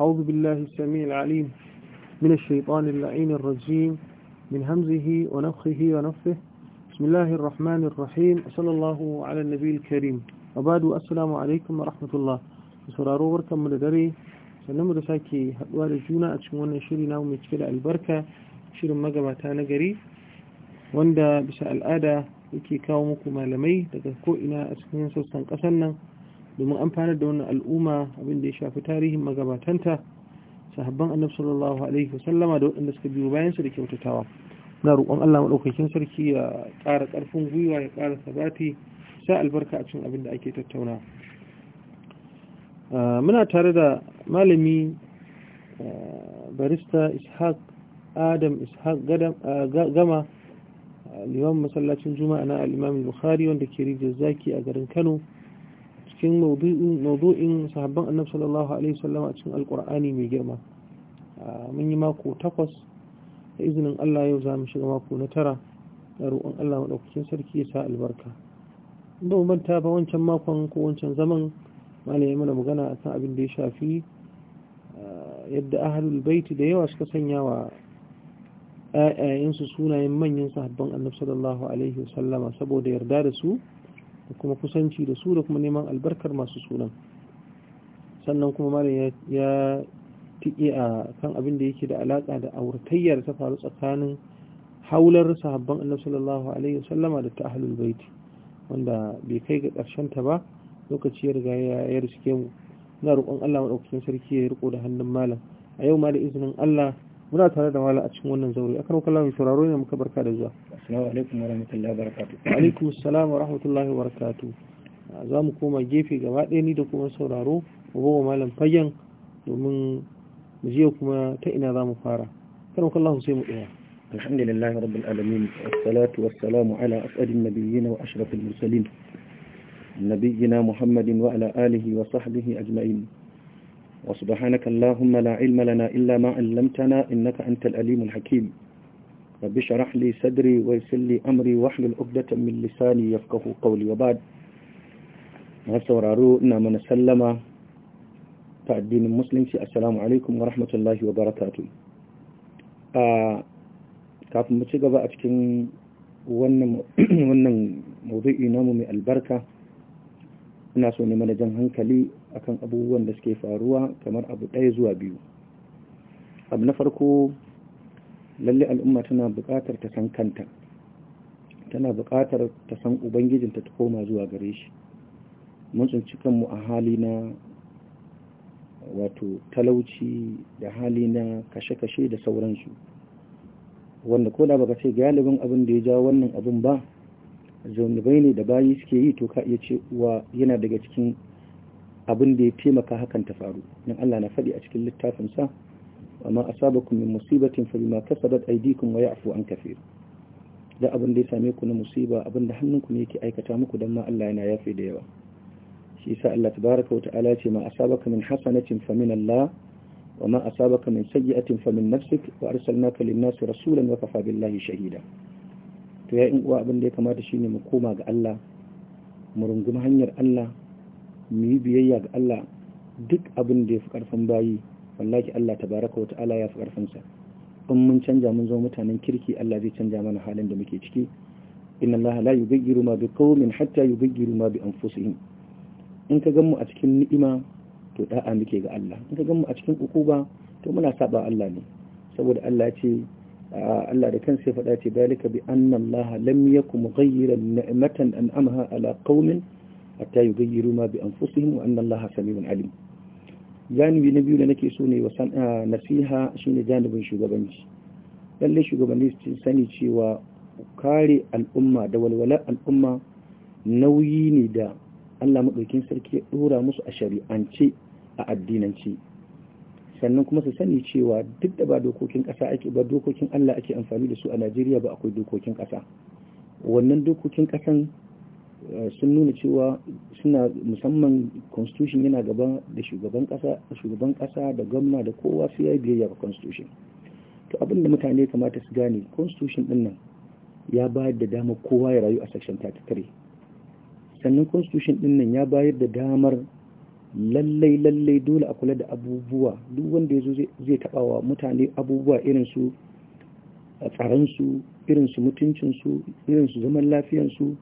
أعوذ بالله السميع العليم من الشيطان اللعين الرجيم من همزه ونفخه ونفه بسم الله الرحمن الرحيم صلى الله على النبي الكريم وبعد السلام عليكم ورحمة الله sauraro barkanmu da dare sannan da sake haduwa da juna a cikin wannan shiri namu mai cike da albarka shirin magabata na gari wanda bisa al'ada yake kawo muku malamai daga ko'ina a cikin sassan ƙasar nan domin amfanar da wannan al'umma abinda ya shafi tarihin magabatanta sahabban annabi sallallahu alaihi wasallama da waɗanda suka biyo bayan da kyautatawa na roƙon Allah madaukakin sarki ya ƙara ƙarfin gwiwa ya ƙara sabati sa albarka a cikin abin da ake tattauna ah, muna tare da malami ah, barista ishaq adam ishaq ah, gama liman masallacin juma'a na al-imam bukhari wanda ke rijiyar zaki a garin kano cikin maudu'in sahabban annabi sallallahu alaihi wasallam a cikin alkur'ani mai girma mun yi mako takwas da izinin Allah yau za shiga mako na tara da roƙon Allah maɗaukakin sarki ya sa albarka inda mu manta ba wancan makon ko wancan zaman malami mana magana akan abin da ya shafi yadda ahlul baiti da yawa suka sanya wa ƴaƴayensu sunayen manyan sahabban annabi sallallahu alaihi wasallama saboda yarda da su da kuma kusanci da su da kuma neman albarkar masu sunan sannan kuma malam ya tike a kan abin da yake da alaka da auratayyar ta faru tsakanin haular sahabban annabi sallallahu alaihi wasallama da ta ahlul baiti wanda bai kai ga karshen ta ba lokaci ya riga ya riske mu ina roƙon Allah madaukakin sarki ya riko da hannun malam a yau ma da izinin Allah muna tare da mala a cikin wannan zaure akan wakala mai sauraro ne muka barka da zuwa assalamu alaikum wa rahmatullahi wa barakatuh alaikum assalam wa rahmatullahi za mu koma gefe gaba ɗaya ni da kuma sauraro mu bawa malam fagen domin mu je kuma ta ina za mu fara kan wakala sai mu ɗaya alhamdulillah rabbil alamin wassalatu wassalamu ala as'adin nabiyyin wa ashrafil mursalin nabiyina muhammadin wa ala alihi wa sahbihi ajma'in وسبحانك اللهم لا علم لنا إلا ما علمتنا إنك أنت الأليم الحكيم رب اشرح لي صدري ويسر لي أمري واحلل عقدة من لساني يفقه قولي وبعد sauraro ina mana sallama ta addinin musulunci assalamu alaikum wa rahmatullahi wa barakatu kafin mu ci gaba a cikin wannan mawdu'i namu mai albarka ina so ne mana jan hankali akan abubuwan da suke faruwa kamar abu ɗaya zuwa biyu abu na farko lalle al'umma tana buƙatar ta san kanta tana buƙatar ta san ubangijinta ta koma zuwa gare shi mun tsinci kanmu a hali na wato talauci da hali na kashe-kashe da sauransu wanda ko da baka ce galibin abin da ya ja wannan abin ba zaunubai ne da bayi suke yi to ka iya cewa yana daga cikin abin da ya taimaka hakan ta faru nan Allah na faɗi a cikin littafin sa amma asabakum min musibatin fa bima kasabat aydikum wa ya'fu an kaseer da abin da ya same ku na musiba abin da hannunku ne yake aikata muku dan ma Allah yana yafe da yawa shi sa Allah tabaaraka wa ta'ala ce ma asabaka min hasanatin fa min Allah wa ma asabaka min sayyi'atin fa min nafsik wa arsalnaka lin-nasi rasulan wa kafa billahi shahida to ya in uwa abin da ya kamata shine mu koma ga Allah mu rungumi hanyar Allah mu yi biyayya ga Allah duk abin da ya fi ƙarfin bayi Wallaki Allah tabaraka wa ta'ala ya fi sa in mun canja mun zama mutanen kirki Allah zai canja mana halin da muke ciki inna Allah la yughayyiru ma biqaumin hatta yughayyiru ma bi anfusihim in ka gan mu a cikin ni'ima to da'a muke ga Allah in ka gan mu a cikin ukuba to muna saba Allah ne saboda Allah ya ce Allah da kansa ya faɗa ce dalika bi anna Allah lam yakum mughayyiran ni'matan an'amaha ala qaumin hatta yughayyiru ma bi anfusihim wa anna Allaha samiun alim janibi na biyu da nake so ne wa ah, nasiha shine janibin shugabanci lalle shugabanni su sani cewa kare al'umma da walwalar al'umma nauyi ne da Allah maɗaukin sarki ya ɗora musu a shari'ance a addinance sannan kuma su sani cewa duk da ba dokokin ake ba dokokin Allah ake amfani da su a Najeriya ba akwai dokokin ƙasa wannan dokokin kasan sun nuna cewa suna musamman constitution yana gaba da shugaban kasa shugaban kasa da gwamna da kowa sai ya biyayya ga constitution to abinda mutane kamata su gane constitution din nan ya bayar da damar kowa ya rayu a section 33 sannan constitution din nan ya bayar da damar lallai lallai dole a kula da abubuwa duk wanda ya zo zai wa mutane abubuwa irin su su irin su mutuncinsu irin su zaman lafiyansu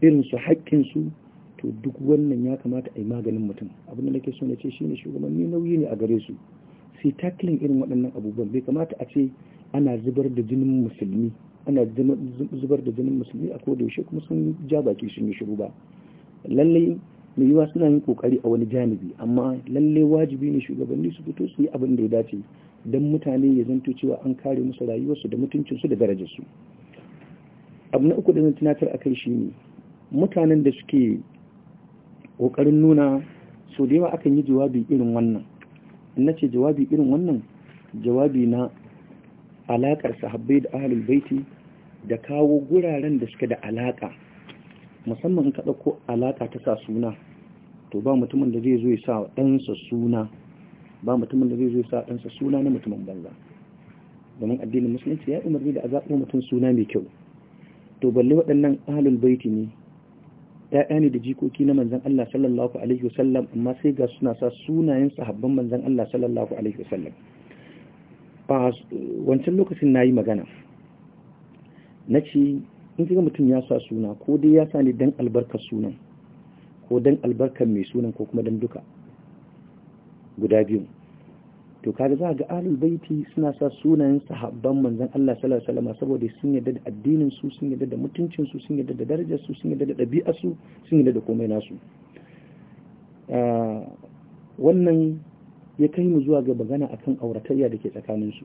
irin su haƙƙinsu to duk wannan ya kamata a yi maganin mutum abin da nake so na ce shine shugabanni nauyi ne a gare su sai tackling irin waɗannan abubuwan bai kamata a ce ana zubar da jinin musulmi ana zubar da jinin musulmi a koda yaushe kuma sun ja baki sun yi shiru ba lallai mai yiwa suna yin kokari a wani janibi amma lallai wajibi ne shugabanni su fito su yi abin da ya dace don mutane ya zanto cewa an kare musu rayuwarsu da mutuncinsu da darajarsu abu na uku da zan tunatar a kai ne. mutanen da suke ƙoƙarin nuna so da yawa akan yi jawabi irin wannan na ce jawabi irin wannan jawabi na alaƙar sahabbai da ahalul baiti da kawo guraren da suke da alaƙa musamman in ka ɗauko alaƙa ta sa suna to ba mutumin da zai zo ya sa ɗansa suna ba mutumin da zai zo ya sa ɗansa suna na mutumin banza domin addinin musulunci ya umarni da a zaɓo mutum suna mai kyau to balle waɗannan ahalul baiti ne ya'ya ne da jikoki na manzan Allah sallallahu alaihi wasallam amma sai ga suna sa sunayen sahabban manzan Allah sallallahu alaihi wasallam ba wancan lokacin nayi magana na ce in kiga mutum ya sa suna ko dai ya sa ne dan albarkar sunan ko dan albarkar mai sunan ko kuma dan duka guda biyu to kaga za ga ahlul baiti suna sa sunayen sahabban manzon Allah sallallahu alaihi wasallam saboda sun yarda da addinin su sun yarda da mutuncin su sun yarda da darajar su sun yarda da dabi'ar su sun yarda da komai nasu ah, wannan ya kai mu zuwa ga magana akan auratayya da ke tsakanin su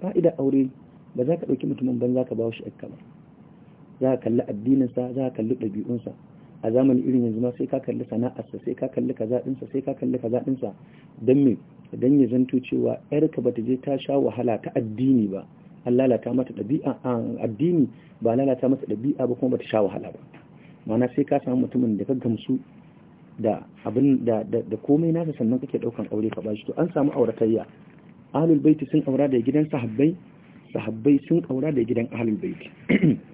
fa'ida aure ba za ka ɗauki mutumin ban za ka ba shi ba za ka kalli sa za ka kalli ɗabi'unsa a zamani irin yanzu ma sai ka kalli sana'arsa sai ka kalli ka zaɗinsa sai ka kalli ka zaɗinsa don me don ya zanto cewa yarka ta je ta sha wahala ta addini ba an lalata mata ɗabi'a addini ba lalata mata ɗabi'a ba kuma ba ta sha wahala ba mana sai ka samu mutumin da ka gamsu da abin da komai nasa sannan kake ɗaukan aure ka bashi to an samu auratayya ahlul baiti sun aura da gidan sahabbai sahabbai sun aura da gidan ahlul baiti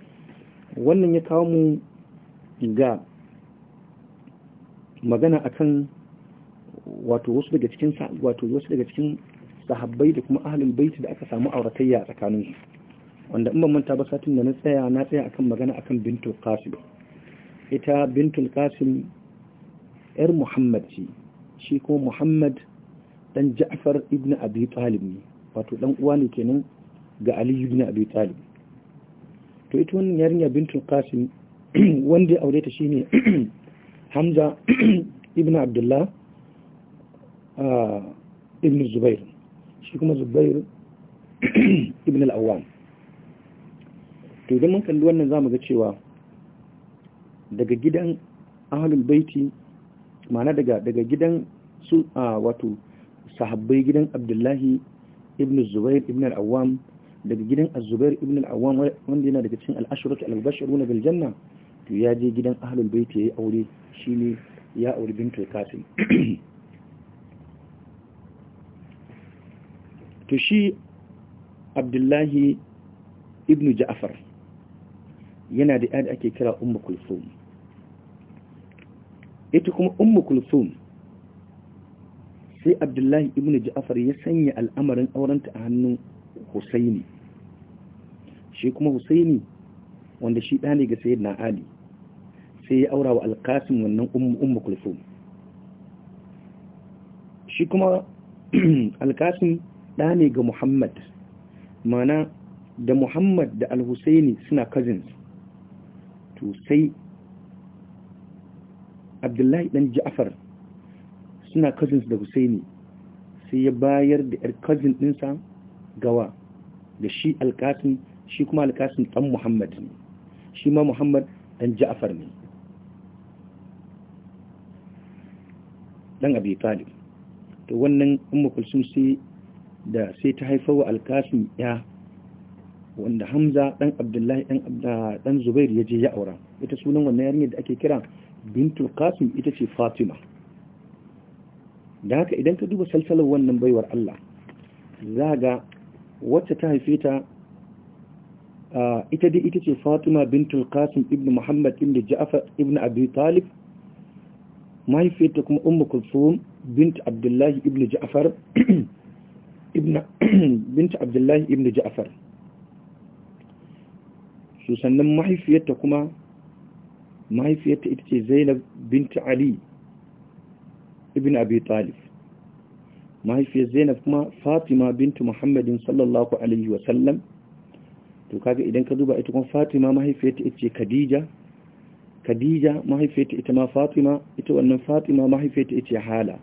wannan ya kawo mu ga magana akan wato wasu daga cikin wato wasu daga cikin sahabbai da kuma ahalin bait da aka samu auratayya tsakanin su wanda in ban manta ba satin da na tsaya na tsaya akan magana akan bintul qasim ita bintul qasim yar muhammad ce shi ko muhammad dan ja'far ibn abi talib ne wato dan uwa ne kenan ga ali ibn abi talib to ita wannan yarinya bintul qasim wanda ya aure ta shine hamza ibn abdullah uh, ibn zubair shi kuma zubair ibn al'awam to idan mun kalli wannan za mu ga cewa daga gidan ahalul baiti mana daga daga gidan su a wato sahabbai gidan abdullahi ibn zubair ibn al'awam daga gidan azubair ibn al'awam wanda yana daga cin al’ashirar ashratu na biljanna janna to ya je gidan ahlul ta yi aure shi ne ya aure bintul qasim to shi abdullahi ibnu ja'far yana da yadda ake kira Umma kulsum ita kuma Umma kulsum sai abdullahi ibnu ja'far ya sanya al'amarin aurenta a hannun husaini shi kuma husaini wanda shi ɗane ga na ali sai ya aura wa alkasim wannan umma kulsum shi kuma alkasim ɗa ne ga muhammad mana da muhammad da alhussaini suna cousins to sai abdullahi ɗan ja'afar suna cousins da husaini sai ya bayar da yar cousin ɗinsa gawa da shi alkasim shi kuma alkasim ɗan muhammad ne shi ma muhammad ɗan ja'afar ne dan abi talib to wannan ummu kulsum sai da sai ta haifa wa alkasim ya wanda hamza dan abdullahi dan dan zubair ya je ya aura ita sunan wannan yarinyar da ake kira bintul qasim ita ce fatima da haka idan ka duba salsalar wannan baiwar Allah zaga wacce ta haife ta ita dai ita ce fatima bintul qasim ibnu muhammad ibnu ja'far ibn abi talib mahaifiyarta kuma umma kulsum bint abdullahi ibn ja'far ibn abdullahi ibn ja'far su sannan mahaifiyarta kuma mahaifiyarta ita ce zainab bint ali ibn abi talib mahaifiyar zainab kuma fatima bint muhammadin sallallahu alaihi wasallam to kaga idan ka duba ita kuma fatima mahaifiyarta ita ce khadija khadija mahaifiyarta ita ma fatima ita wannan fatima mahaifiyarta ita hala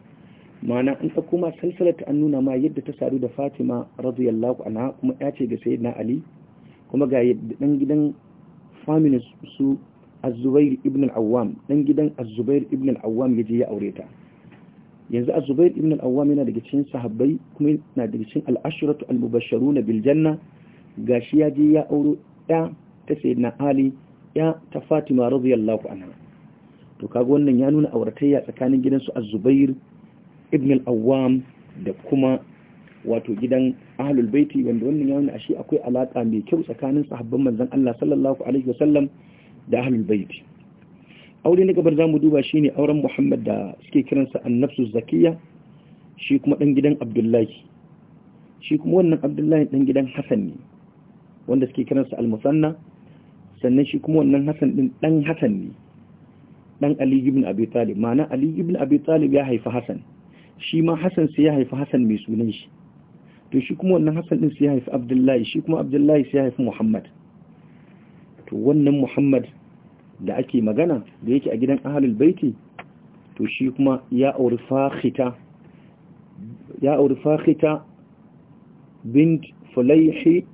mana an ɗauko ma salsalata an nuna ma yadda ta sadu da fatima radiyallahu anha kuma ya ce ga sayyidina ali kuma ga dan gidan family su az-zubair ibn al-awwam dan gidan az-zubair ibn al-awwam yaje ya aure ta yanzu az-zubair ibn al-awwam yana daga cikin sahabbai kuma yana daga cikin al-ashratu al-mubashsharuna bil janna gashi je ya auri ɗa ta sayyidina ali ya ta Fatima radiyallahu anha to kaga wannan ya nuna auratayya tsakanin gidansu Az-Zubair ibn al-Awwam da kuma wato gidan Ahlul Baiti wanda wannan ya nuna ashe akwai alaka mai kyau tsakanin sahabban manzon Allah sallallahu alaihi wasallam da Ahlul Baiti aure na gaban zamu duba shine auren Muhammad da suke kiransa An-Nafsu Zakiyya shi kuma dan gidan Abdullahi shi kuma wannan Abdullahi dan gidan Hassan ne wanda suke kiransa Al-Musanna sannan shi kuma wannan Hassan din dan Hassan ne dan Ali ibn Abi Talib ma'ana Ali ibn Abi Talib ya haifi Hassan shi ma Hassan sai ya haifi Hassan mai sunan shi to shi kuma wannan Hassan din sai ya haifi Abdullahi shi kuma Abdullahi sai ya haifi Muhammad to wannan Muhammad da ake magana da yake a gidan ahlul baiti to shi kuma ya auri fakhita ya auri fakhita bint fulayhi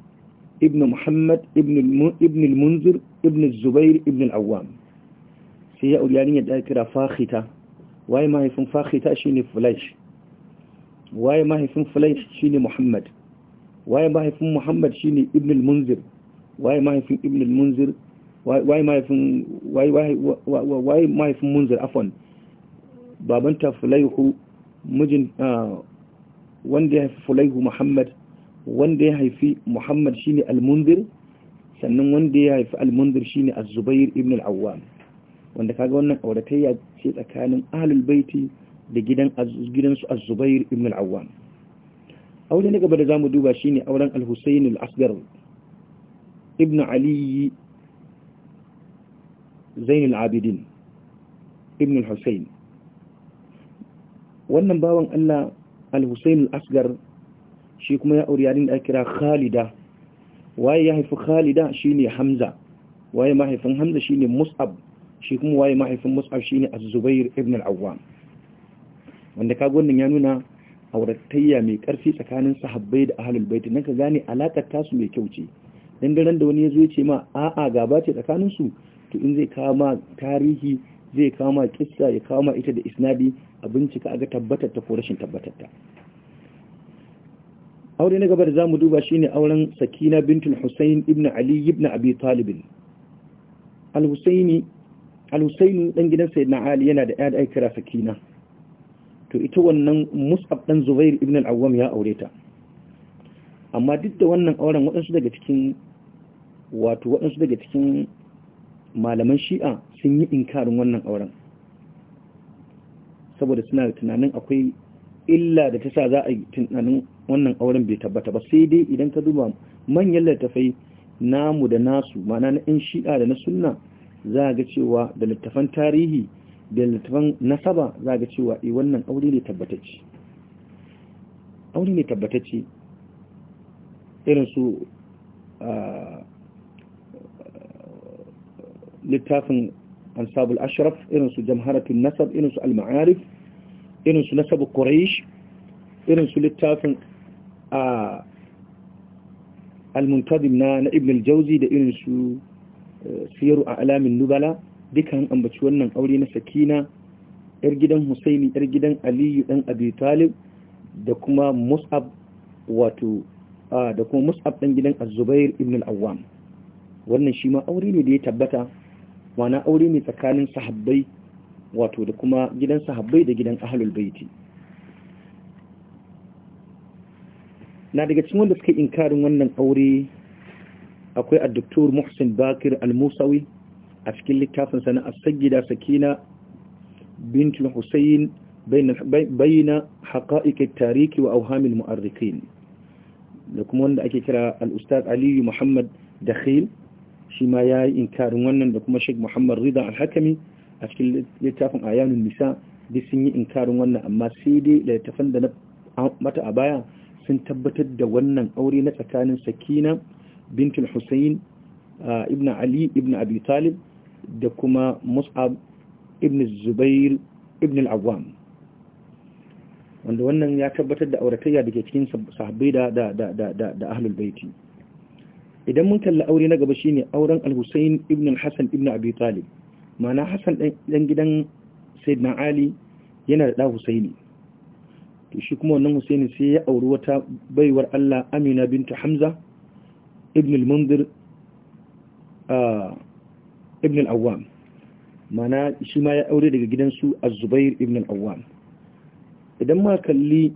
ibn muhammad ibn al-munzir ibn zubair ibn al-awwam sai ya auri yarinyar da kira fahita waye mahaifin fahita shine fulaish waye mahaifin fulaish shine muhammad waye mahaifin muhammad shine ibn al-munzir waye mahaifin ibn al-munzir waye mahaifin waye mahaifin munzir afwan babanta fulaihu mijin ah, wanda ya haifi fulaihu muhammad wanda ya haifi muhammad shine al almundir sannan wanda ya haifi al shi shine az-zubair ibn al wanda kaga wannan auratayya ce tsakanin ahlul baiti da gidan gidansu az-zubair ibn al-awwam aure na gaba da zamu duba shine auren al-husayn al-asghar ibn ali zain al-abidin ibn al-husayn wannan bawan Allah al-husayn shi kuma ya auri yarin da ake kira Khalida waye ya haifi Khalida shine Hamza waye mahaifin Hamza shine Mus'ab shi kuma waye mahaifin Mus'ab shine Az-Zubair ibn al-Awwam wanda kaga wannan ya nuna auratayya mai karfi tsakanin sahabbai da ahlul bait nan ka gane alakar tasu mai kyau ce dan daren da wani yazo ya ce ma a'a gaba ce tsakanin su to in zai ma tarihi zai kama kissa ya kama ita da isnadi a bincika a ga tabbatar ta ko rashin tabbatar ta aure na gaba da zamu duba shi ne auren Sakina bintul Husayn ibn Ali ibn Abi talibin al dan gidan Sayyidina Ali yana da ƴaƴa aikira Sakina to ita wannan Mus'ab dan Zubair ibn al-Awwam ya aure ta amma duk da wannan auren waɗansu daga cikin wato waɗansu daga cikin malaman Shi'a sun yi inkarin wannan auren saboda suna da tunanin akwai illa da ta sa za a yi tunanin wannan auren bai tabbata ba sai dai idan ka duba manyan littafai namu da nasu ma'ana na yan shi'a da na sunna za ga cewa da littafan tarihi da littafan nasaba za ga cewa e wannan aure ne tabbatacce aure ne tabbatacce irin su ah, littafin ansabul ashraf irin su jamharatun nasab irin su al-ma'arif irin su nasabu quraish irin su littafin a al-muntadim na ibn al jauzi da irin su eh, siyaru a alamin nubala dukan ambaci wannan aure na sakina yar gidan husaini yar gidan aliyu dan abi talib da kuma mus'ab wato da kuma mus'ab dan gidan az-zubair ibn al-awwam wannan shi ma aure ne da ya tabbata wana aure ne tsakanin sahabbai wato da kuma gidan sahabbai da gidan ahlul baiti na daga cikin wanda suka inkarin wannan aure akwai a doktor muhsin bakir al-musawi a cikin littafin sana a sagida sakina bintul husayn bayna haqa'iq tariki wa auhamil mu'arrikin da kuma wanda ake kira al ustaz aliyu muhammad dakhil shi ma yi inkarin wannan da kuma sheikh muhammad rida al hakami a cikin littafin ayanun nisa duk sun yi inkarin wannan amma sai dai da tafan da na mata a baya sun tabbatar da wannan aure na tsakanin sakina bintul husayn ah, ibn ali ibn abi talib da kuma mus'ab ibn zubair ibn al wanda wannan ya tabbatar da auratayya da ke cikin sahabbai da da ahlul baiti idan mun kalla aure na gaba shine auren al-husayn ibn al-hasan ibn abi talib ma'ana hasan dan gidan sayyidina ali yana da da husaini to shi kuma wannan Husaini sai ya auri wata baiwar Allah Amina bintu Hamza ibn al ah ibn al-Awwam mana shi ma ya aure daga gidansu Az-Zubair ibn al-Awwam idan ma kalli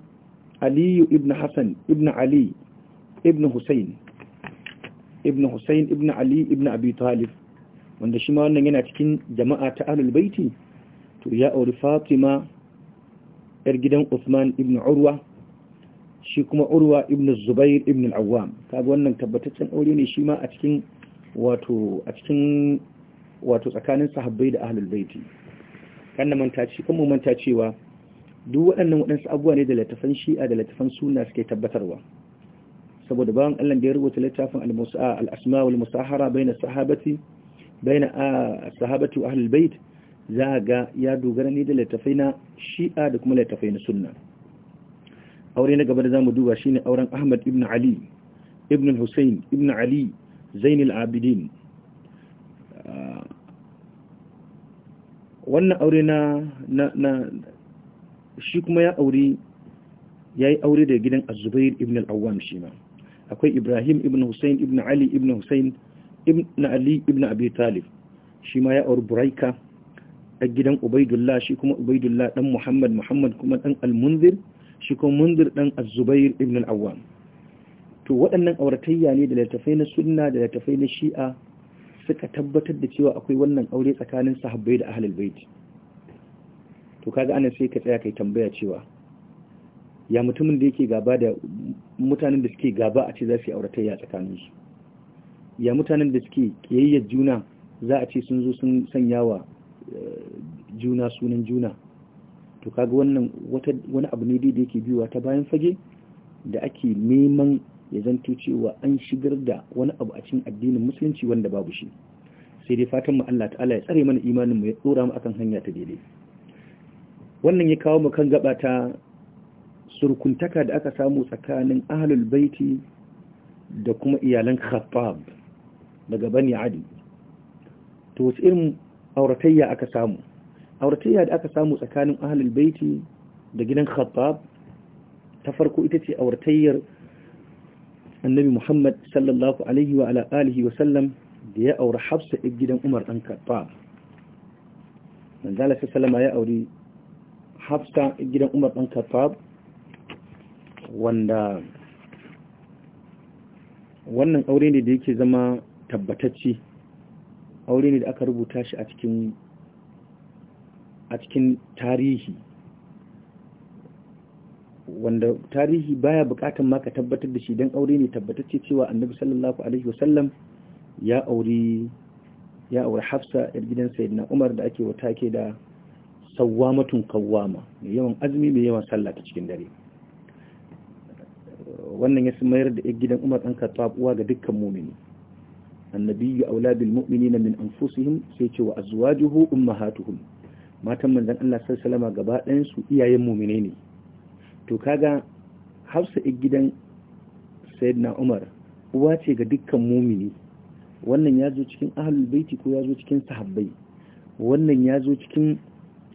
Ali ibn Hassan ibn Ali ibn Hussein ibn Hussein ibn Ali ibn Abi Talib wanda shi ma wannan yana cikin jama'a ta Ahlul Baiti to ya auri Fatima yar gidan Usman ibn Urwa shi kuma Urwa ibn Zubair ibn al-Awwam kaga wannan tabbataccen aure ne shi ma a cikin wato a cikin wato tsakanin sahabbai da ahlul baiti kan manta ci kuma manta cewa duk waɗannan waɗansu abubuwa ne da littafan shi'a da littafan sunna suke tabbatarwa saboda bayan Allah da ya rubuta littafin al-musa al-asma wal musahara baina sahabati bayna ah, sahabati ahlul bait za ga ya dogara ne da littafai na shi'a da kuma littafai na sunna aure na gaba da zamu duba shine auren Ahmad ibn Ali ibn Hussein ibn Ali al Abidin ah, wannan aure na na shi kuma ya aure yayi aure da gidan azubair ibn al-Awwam shi ma akwai Ibrahim ibn Hussein ibn Ali ibn Hussein ibn Ali ibn Abi Talib shi ma ya aure Buraika a gidan ubaidullah shi kuma ubaidullah dan muhammad muhammad kuma dan al-munzir shi kuma munzir dan az-zubair ibn al-awwam to waɗannan auratayya ne da littafai na sunna da littafai na shi'a suka tabbatar da cewa akwai wannan aure tsakanin sahabbai da ahlul bait to kaga ana sai ka tsaya kai tambaya cewa ya mutumin da yake gaba da mutanen da suke gaba a ce za su yi auratayya tsakanin su ya mutanen da suke kiyayyar juna za a ce sun zo sun sanya wa juna sunan juna to kaga wannan wani abu ne da yake biyuwa ta bayan fage da ake neman ya zanto cewa an shigar da wani abu a cikin addinin musulunci wanda babu shi sai dai fatan mu Allah ta'ala ya tsare mana imanin mu ya tsora mu akan hanya ta daidai wannan ya kawo mu kan gaba ta surkuntaka da aka samu tsakanin ahlul baiti da kuma iyalan khattab daga bani adi to wasu irin auratayya aka samu auratayya da aka samu tsakanin ahlul baiti da gidan khattab ta farko ita ce auratayyar annabi Muhammad sallallahu alaihi wa ala alihi wa sallam da ya aura Hafsa ibn gidan Umar dan Khattab manzala sallama ya aure Hafsa ibn gidan Umar dan Khattab wanda wannan aure ne da yake zama tabbatacci aure ne da aka rubuta shi a cikin a tarihi wanda tarihi baya bukatan maka tabbatar da shi don aure ne tabbatacce cewa annabi sallallahu alaihi wasallam ya auri ya hafsa yar gidan sayyidina umar da ake wata ke da sawwamatun kawwama mai yawan azumi mai yawan sallah ta cikin dare wannan ya mayar da yar gidan umar ɗan karɓa uwa ga dukkan mumini annabiyyu aula bil mu'minina min anfusihim sai ce wa azwajuhu ummahatuhum matan manzon Allah sallallahu alaihi gaba ɗayan su iyayen mu'mine ne to kaga Hafsa a gidan Sayyidina Umar uwa ce ga dukkan mu'mini wannan ya zo cikin ahlul baiti ko ya zo cikin sahabbai wannan ya zo cikin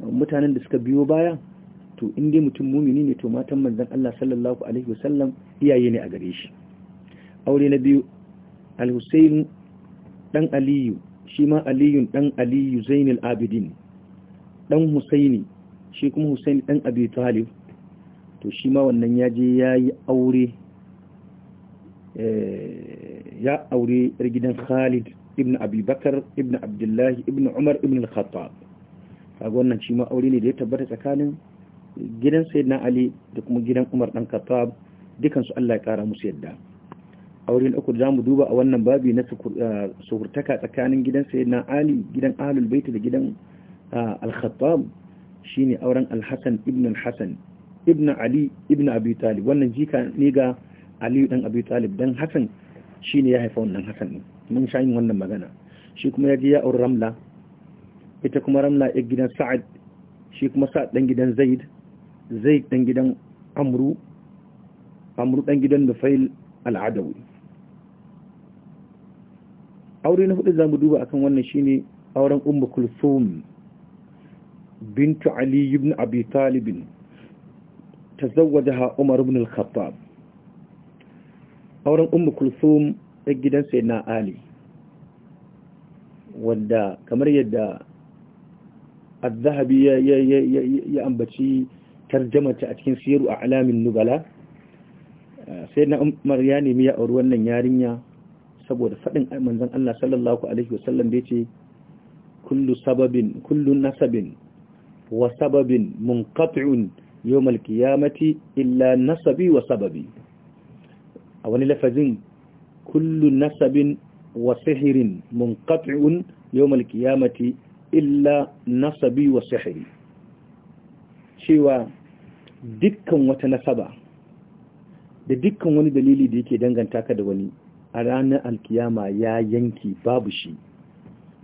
mutanen da suka biyo baya to in dai mutum mumini ne to matan manzon Allah sallallahu alaihi wasallam iyaye ne a gare shi aure na biyu al-Husayn ɗan aliyu shi ma aliyun ɗan aliyu zainul abidin ɗan husaini shi kuma husaini ɗan abi talib to shi ma wannan ya je ya yi aure eh, ya aure gidan khalid ibn abubakar ibn abdullahi ibn umar ibn al-khattab kaga wannan shi ma aure ne da ya tabbata tsakanin gidan sayyidina ali da kuma gidan umar dan khattab dukansu Allah ya kara musu yadda a wurin uku za mu duba a wannan babi na ah, sukurtaka tsakanin gidan sayyidina ali gidan ahlul baiti da gidan ah, al-khattab shine auren al-hasan ibn al-hasan ibn ali ibn abi talib wannan jika ne ga ali dan abi talib dan hasan shine ya haifa wannan hasan din mun sha yin wannan magana shi kuma ya ji ya aure ramla ita kuma ramla ya gidan sa'ad shi kuma sa'ad dan gidan zaid zaid dan gidan amru amru dan gidan nufail al-adawi aure na hudu zamu duba akan wannan shine auren umma kulthum bintu ali ibn abi talib tazawwajaha umar ibn al-khattab auren ummu kulthum a gidan sayyidina ali wanda kamar yadda al zahabi ya ambaci tarjamata a cikin siyaru a alamin nubala eh, sayyidina umar ya nemi ya auri wannan yarinya saboda faɗin manzon Allah sallallahu alaihi wasallam da ce kullu sababin kullu nasabin wa sababin munqati'un yawm al-qiyamati illa nasabi wa sababi a wani lafazin kullu nasabin wa sihirin munqati'un yawm al-qiyamati illa nasabi wa sihiri cewa dukkan wata nasaba da dukkan wani dalili da yake danganta ka da wani a ranar alkiyama ya yanki babu shi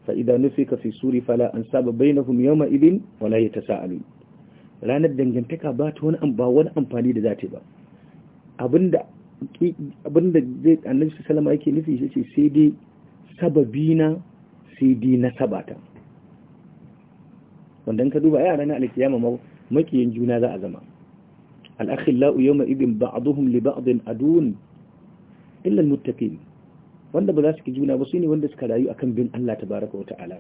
fa'ida nufi ka fi suri fala an saba bai na hum yau ma'ibin wala ya ta sa'alu ranar dangantaka ba ta wani ba wani amfani da za ta ba abinda zai annabi su salama yake nufi shi ce sai dai sababi na sai dai na sabata wanda ka duba ya ranar alkiyama ma makiyin juna za a zama al'akhillau yau ma'ibin ba'aduhum li ba'adin adun illa muttaqin wanda ba za su ki juna ba su ne wanda suka rayu akan bin Allah tabaraka wata'ala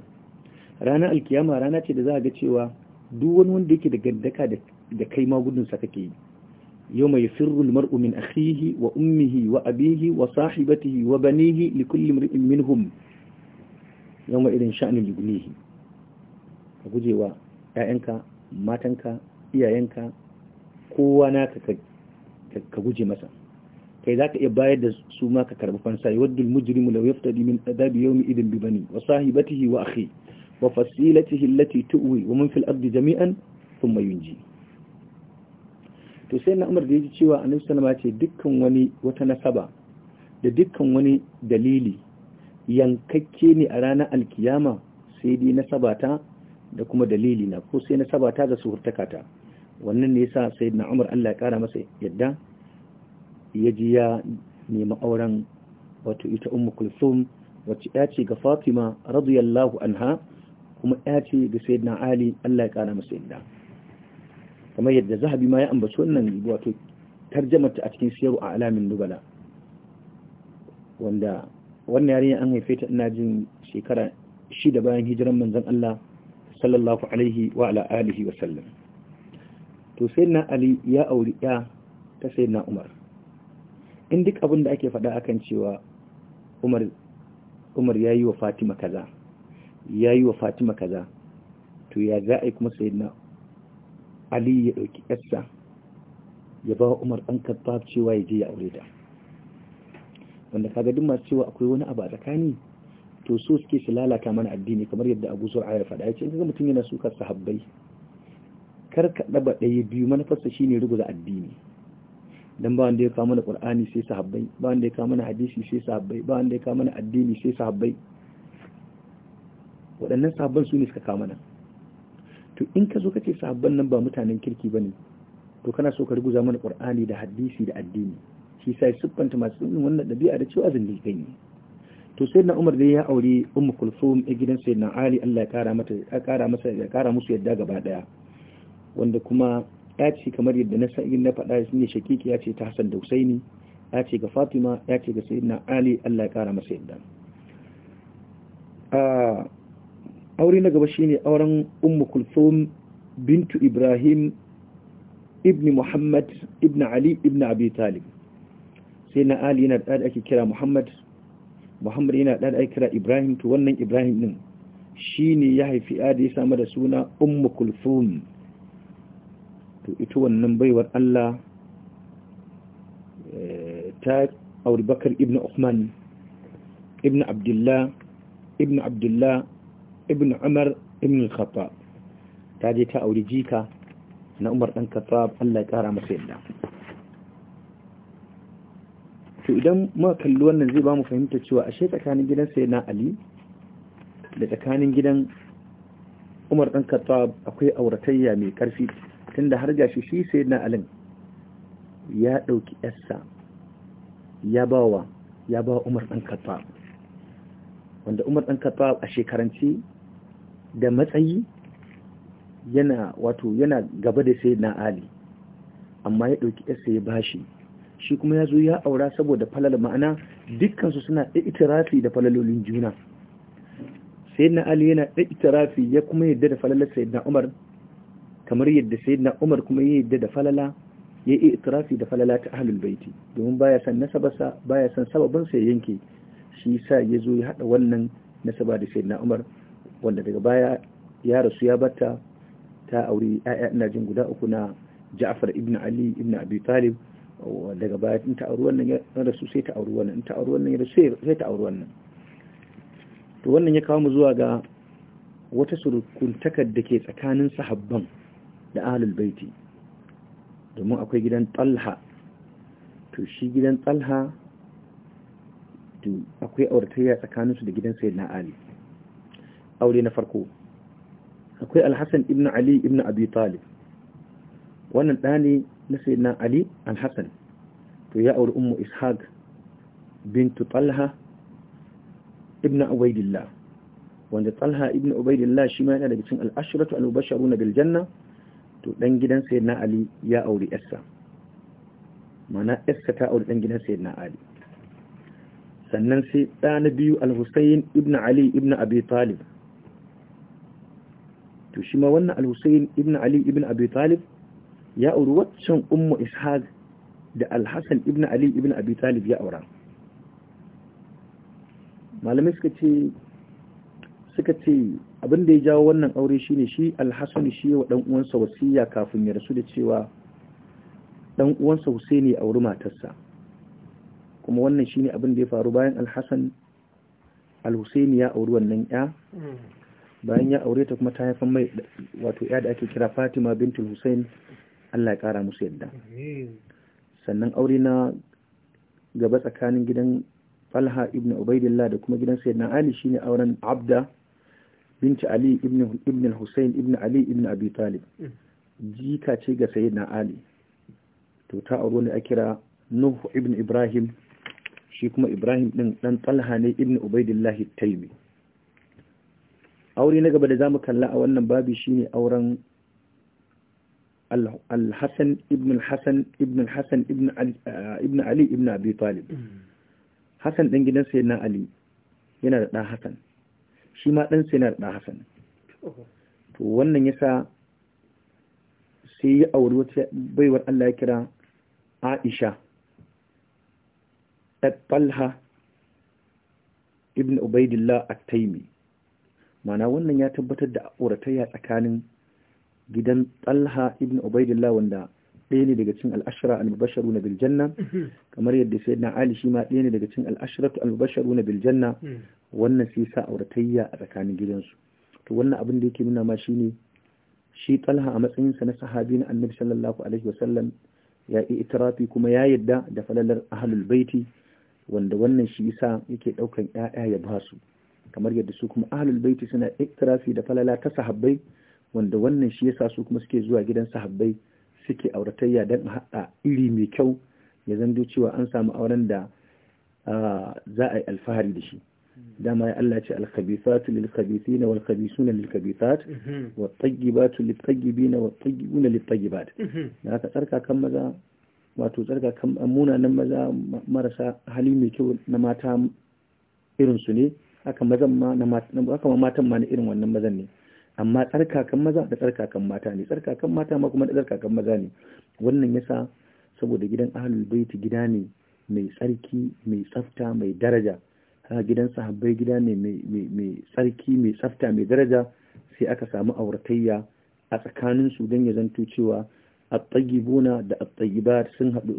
rana alkiyama rana ce da za a ga cewa duk wani wanda yake da gaddaka da kai ma gudun sa kake yi yawma yafirru almar'u min akhihi wa ummihi wa abihi wa sahibatihi wa banihi kulli mar'in minhum yawma irin sha'anin yugnihi ka gujewa ƴaƴanka matanka iyayenka kowa naka ka guje masa kai za ka iya bayar da su ma ka karɓi fansa ya waddul mujrimu lau yaftadi min adabi yawmi idin bi bani wa sahibatihi wa akhi wa fasilatihi allati tu'wi wa man fil ardi jami'an thumma yunji to sai na Umar da yaji cewa Annabi sallallahu alaihi wasallam ce dukkan wani wata nasaba da dukkan wani dalili yankakke ne a ranar alkiyama sai dai nasabata da kuma dalili na ko sai sabata da suhurtakata wannan ne yasa sayyidina Umar Allah ya kara masa yadda ya ji ya nemi auren wato ita umu kulsum wacce ya ce ga fatima radiyallahu anha kuma ya ce ga sayyidina ali Allah ya kara masa yadda kamar yadda zahabi ma ya ambaci wannan wato tarjamata a cikin siyaru a alamin nubala wanda wannan yarinya an haife ta ina jin shekara shida bayan hijiran manzon Allah sallallahu alaihi wa ala alihi wa sallam to sayyidina ali ya auri ya ta sayyidina umar in duk abin da ake faɗa akan cewa umar ya yi wa fatima kaza yi wa fatima kaza to ya za a yi kuma na ali ya dauki ƙasa ya ba umar ɗan kazzab cewa ya je ya aure ta wanda kaga duk masu cewa akwai wani abu a tsakani to so suke su lalata mana addini kamar yadda Abu Zur'a ya faɗa yace ka mutum yana sukar sahabbai kar ka ɗaba ɗaya biyu manufarsa shine ruguza addini dan ba wanda ya kawo mana qur'ani sai sahabbai ba wanda ya kawo mana hadisi sai sahabbai ba wanda ya kawo mana addini sai sahabbai waɗannan sahabban su ne suka kawo mana to in ka zo kace sahabban nan ba mutanen kirki bane to kana so ka rubuta mana qur'ani da hadisi da addini shi sai siffanta masu yin wannan dabi'a da cewa zindi kai ne to sai na Umar dai ya aure Ummu Kulsum a gidan Sayyidina Ali Allah ya kara mata ya kara masa ya kara musu yadda gaba daya wanda kuma ya ce kamar yadda na sa'in na faɗa shi ne shakiki ya ce ta Hassan da Husaini ya ce ga Fatima ya ce ga Sayyidina Ali Allah ya kara masa yadda ah, aure na gaba shine auren Ummu Kulthum bintu Ibrahim ibn Muhammad ibn Ali ibn Abi Talib na Ali yana da ake kira Muhammad Muhammad yana da ake kira Ibrahim to wannan Ibrahim din shine ya haifi Adi ya samu da suna Ummu Kulthum to ita wannan baiwar Allah eh, ta auri bakar ibn Uthman ibn Abdullah ibn Abdullah ibn Umar ibn Khattab ta je ta auri jika na Umar dan Khattab Allah ya kara masa yadda to idan muka kalli wannan zai ba mu fahimta cewa ashe tsakanin gidan sai na Ali da tsakanin gidan Umar dan Khattab akwai auratayya mai karfi tunda har gashi shi sai na alin ya ɗauki ƴarsa, ya bawa ya ba umar ɗan kafa wanda umar ɗan kafa a shekaranci da matsayi yana wato yana gaba da sai na ali amma ya ɗauki ƴarsa ya bashi shi kuma ya zo ya aura saboda falal ma'ana dukkansu suna itirafi da falalolin juna sai ali yana itirafi ya kuma yadda da falalar sai umar kamar yadda sayyidina Umar kuma ya yadda da falala ya yi itirafi da falala ta ahlul baiti domin baya san nasabarsa baya san sababin sa yanke shi sa ya zo ya hada wannan nasaba da sayyidina Umar wanda daga baya ya rasu ya bata ta aure ƴaƴa ina jin guda uku na Ja'far ibn Ali ibn Abi Talib daga baya ta aure wannan ya rasu sai ta aure wannan ta aure wannan ya rasu sai ta aure wannan to wannan ya kawo mu zuwa ga wata surukuntakar da ke tsakanin sahabban da ahalul baiti domin akwai gidan talha to shi gidan talha to akwai auratayya tsakaninsu da gidan sayyidina ali aure na farko akwai alhassan ibn ali ibn abi talib wannan ɗa na sayyidina ali alhassan to ya auri ummu ishaq bintu talha ibn ubaidillah wanda talha ibn ubaidillah shi ma yana daga cikin al'ashratu al-mubashsharuna bil janna to dan gidan sayyidina ali ya auri yarsa mana yarsa ta auri dan gidan sayyidina ali sannan sai ɗa na biyu al-husayn ibn ali ibn abi talib to shi ma wannan al-husayn ibn ali ibn abi talib ya auri waccan ummu ishaq da al-hasan ibn ali ibn abi talib ya aura malamai suka ce suka ce abin da ya jawo wannan aure shine shi Alhassan shi wa dan uwansa wasiya kafin ya rasu da cewa dan uwansa Husaini ya auri matarsa kuma wannan shine abin da ya faru bayan alhassan alhusaini ya auri wannan ya bayan ya aure ta kuma ta haifan mai wato ya da ake kira fatima bintul husain allah ya kara musu yadda sannan aure na gaba tsakanin gidan falha ibn ubaidillah da kuma gidan sayyidina ali shine auren abda binci Ali ibn Hussein ibn Ali ibn Abi Talib jika ce ga sayyidina Ali to ta aure ne a kira Nuh ibn Ibrahim shi kuma Ibrahim din dan Talha ne ibn Ubaidillah Taymi aure na gaba da zamu kalla a wannan babi shine auren Al-Hasan ibn hasan ibn hasan ibn Ali ibn Abi Talib Hasan dan gidan sayyidina Ali yana da ɗan Hassan shi ma ɗan sinar ɗan Hassan. to wannan ya sa, sai ya auri wata baiwar Allah ya kira Aisha Talha ibn Ubaidillah a taimi mana wannan ya tabbatar da auratayya tsakanin gidan Talha ibn Ubaidillah wanda ɗaya ne daga cin al'ashara al na biljanna mhm. kamar yadda sai na ali shi ma ɗaya ne daga cin al'ashara ta na biljanna mhm. wannan sai sa auratayya a tsakanin gidansu to wannan abin da yake nuna ma shi ne shi talha a matsayinsa na sahabi na annabi sallallahu alaihi wasallam ya yi itirafi kuma ya yadda da falalar ahlul baiti wanda wannan shi sa yake ɗaukan ƴaƴa ya ba su kamar yadda su kuma ahalul baiti suna itirafi da falala ta sahabbai wanda wannan shi yasa su kuma suke zuwa gidan sahabbai suke auratayya don a haɗa iri mai kyau ya zando cewa an samu auren da za a yi alfahari da shi dama ya Allah ce alkhabithatu lilkhabithina walkhabithuna lilkhabithat mhm. wattayyibatu littayyibina wattayyibuna littayyibat mhm. da haka kan maza wato tsarkakan munanan maza marasa hali mai kyau na mata irin su ne haka mazan ma na matan ma na irin wannan mazan ne amma tsarkakan maza da tsarkakan mata ne tsarkakan mata ma kuma da tsarkakan maza ne wannan yasa saboda gidan ahlul baiti gida ne mai tsarki mai tsafta mai daraja ha gidan sahabbai gida ne mai tsarki mai tsafta mai daraja sai aka samu auratayya a tsakanin su don ya zanto cewa at-tayyibuna da at-tayyibat sun haɗu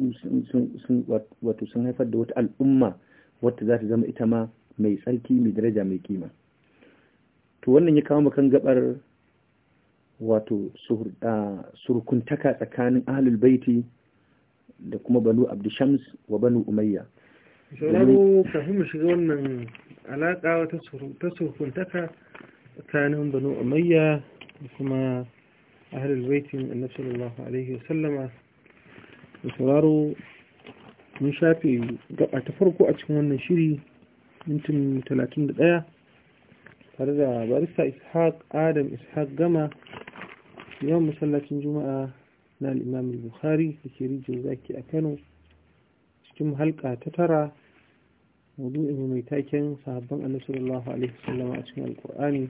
sun wato sun haifar da wata al'umma wata za ta zama ita ma mai tsarki mai daraja mai kima to wannan ya kawo makan gabar wato surkuntaka tsakanin ahlul baiti da kuma banu abdushams wa banu umayya sauraro kafin mu shiga wannan alaƙa ta surkuntaka tsakanin banu umayya da kuma ahlul baitin annabi allahu alaihi wasallama sauraro mun shafe gaba ta farko a cikin wannan shiri mintin 31 tare da barista ishaq adam ishaq gama yawan masallacin juma'a na al'imam Buhari da ke rijin zaki a kano cikin halka ta tara maudu'in mai taken sahabban annabi alaihi a cikin alkur'ani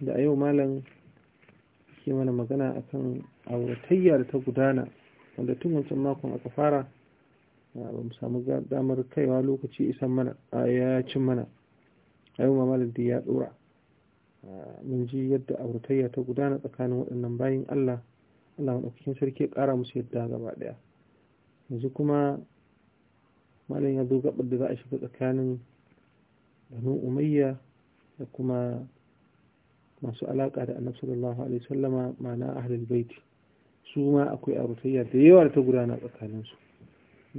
da a yau malam ke mana magana akan auratayya da ta gudana wanda tun wancan makon aka fara ba mu samu damar kaiwa lokaci isan mana a yacin mana ma mamalin da ya dora ah, mun ji yadda auratayya ta gudana tsakanin waɗannan bayin Allah Allah maɗaukakin sarki ya ƙara musu yadda gaba ɗaya yanzu kuma malam ya zo gabar da za a shiga tsakanin banu umayya da kuma masu alaƙa da annabi sallallahu alaihi wasallama ma'ana ahlul bait su ma akwai auratayya da yawa ta gudana tsakanin su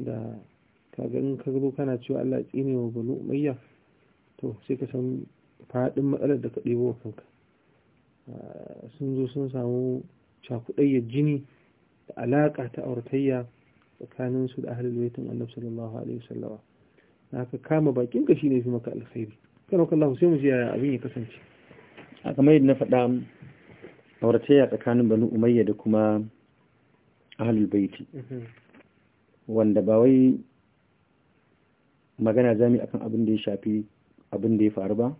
da kaga in ka zo kana cewa Allah ya tsine wa banu umayya to sai ka san faɗin matsalar da ka ɗebo kanka sun zo sun samu cakuɗayyar jini da alaƙa ta auratayya tsakanin su da ahalul baitin annabi sallallahu alaihi na haka kama bakin ka shine fi maka alkhairi wakan lafi sai mu ji abin ya kasance a kamar yadda na faɗa auratayya tsakanin banu umayya da kuma ahalul baiti mhm. wanda ba wai magana zami akan abin da ya shafi abin da ya faru ba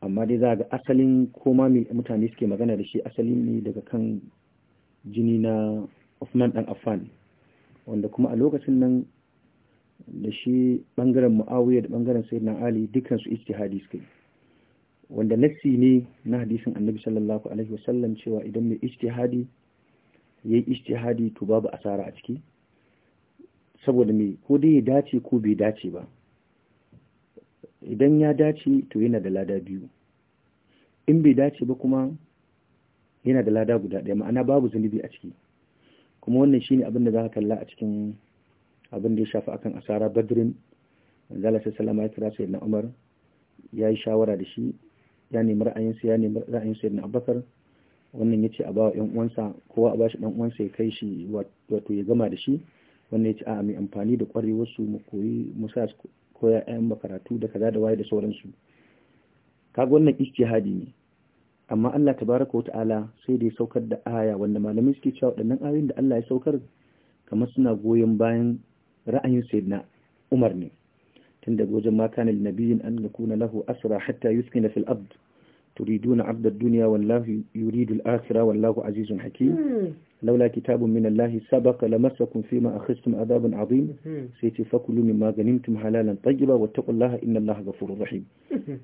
amma dai za ga asalin koma mutane suke magana da shi asalin ne daga kan jini na Uthman dan Affan wanda kuma a lokacin nan da shi bangaren Muawiya da bangaren Sayyidina Ali dukkan su ijtihadi suke wanda nassi ne na hadisin Annabi sallallahu alaihi wasallam cewa idan mai ijtihadi yayi ijtihadi to babu asara a ciki saboda me ko dai ya dace ko bai dace ba idan ya dace to yana da lada biyu in bai dace ba kuma yana da lada guda ɗaya ma'ana babu zunubi a ciki kuma wannan shine abin da za ka kalla a cikin abin da ya shafi akan asara badrin zala sai salama ya kira sayyidina umar ya yi shawara da shi ya nemi ra'ayinsa ya nemi ra'ayin sayyidina abubakar wannan ya ce a bawa ɗan uwansa kowa a bashi ɗan uwansa ya kai shi wato ya gama da shi wannan ya ce a mai amfani da ƙwarewarsu mu koyi mu sa ko ya'yan makaratu da kaza da waye da sauransu kaga wannan ijtihadi ne amma Allah tabaraka wata'ala sai da ya saukar da aya wanda malamai suke cewa waɗannan ayoyin da Allah ya saukar kamar suna goyon bayan ra'ayin sayyidina Umar ne tun daga wajen ma kana linabiyyin an yakuna lahu asra hatta yuskina fil ard تريدون عبد الدنيا والله يريد الآخرة والله عزيز حكيم لولا كتاب من الله سبق لمسكم فيما أخذتم عذاب عظيم سيتي مما غنمتم حلالا طيبا واتقوا الله إن الله غفور رحيم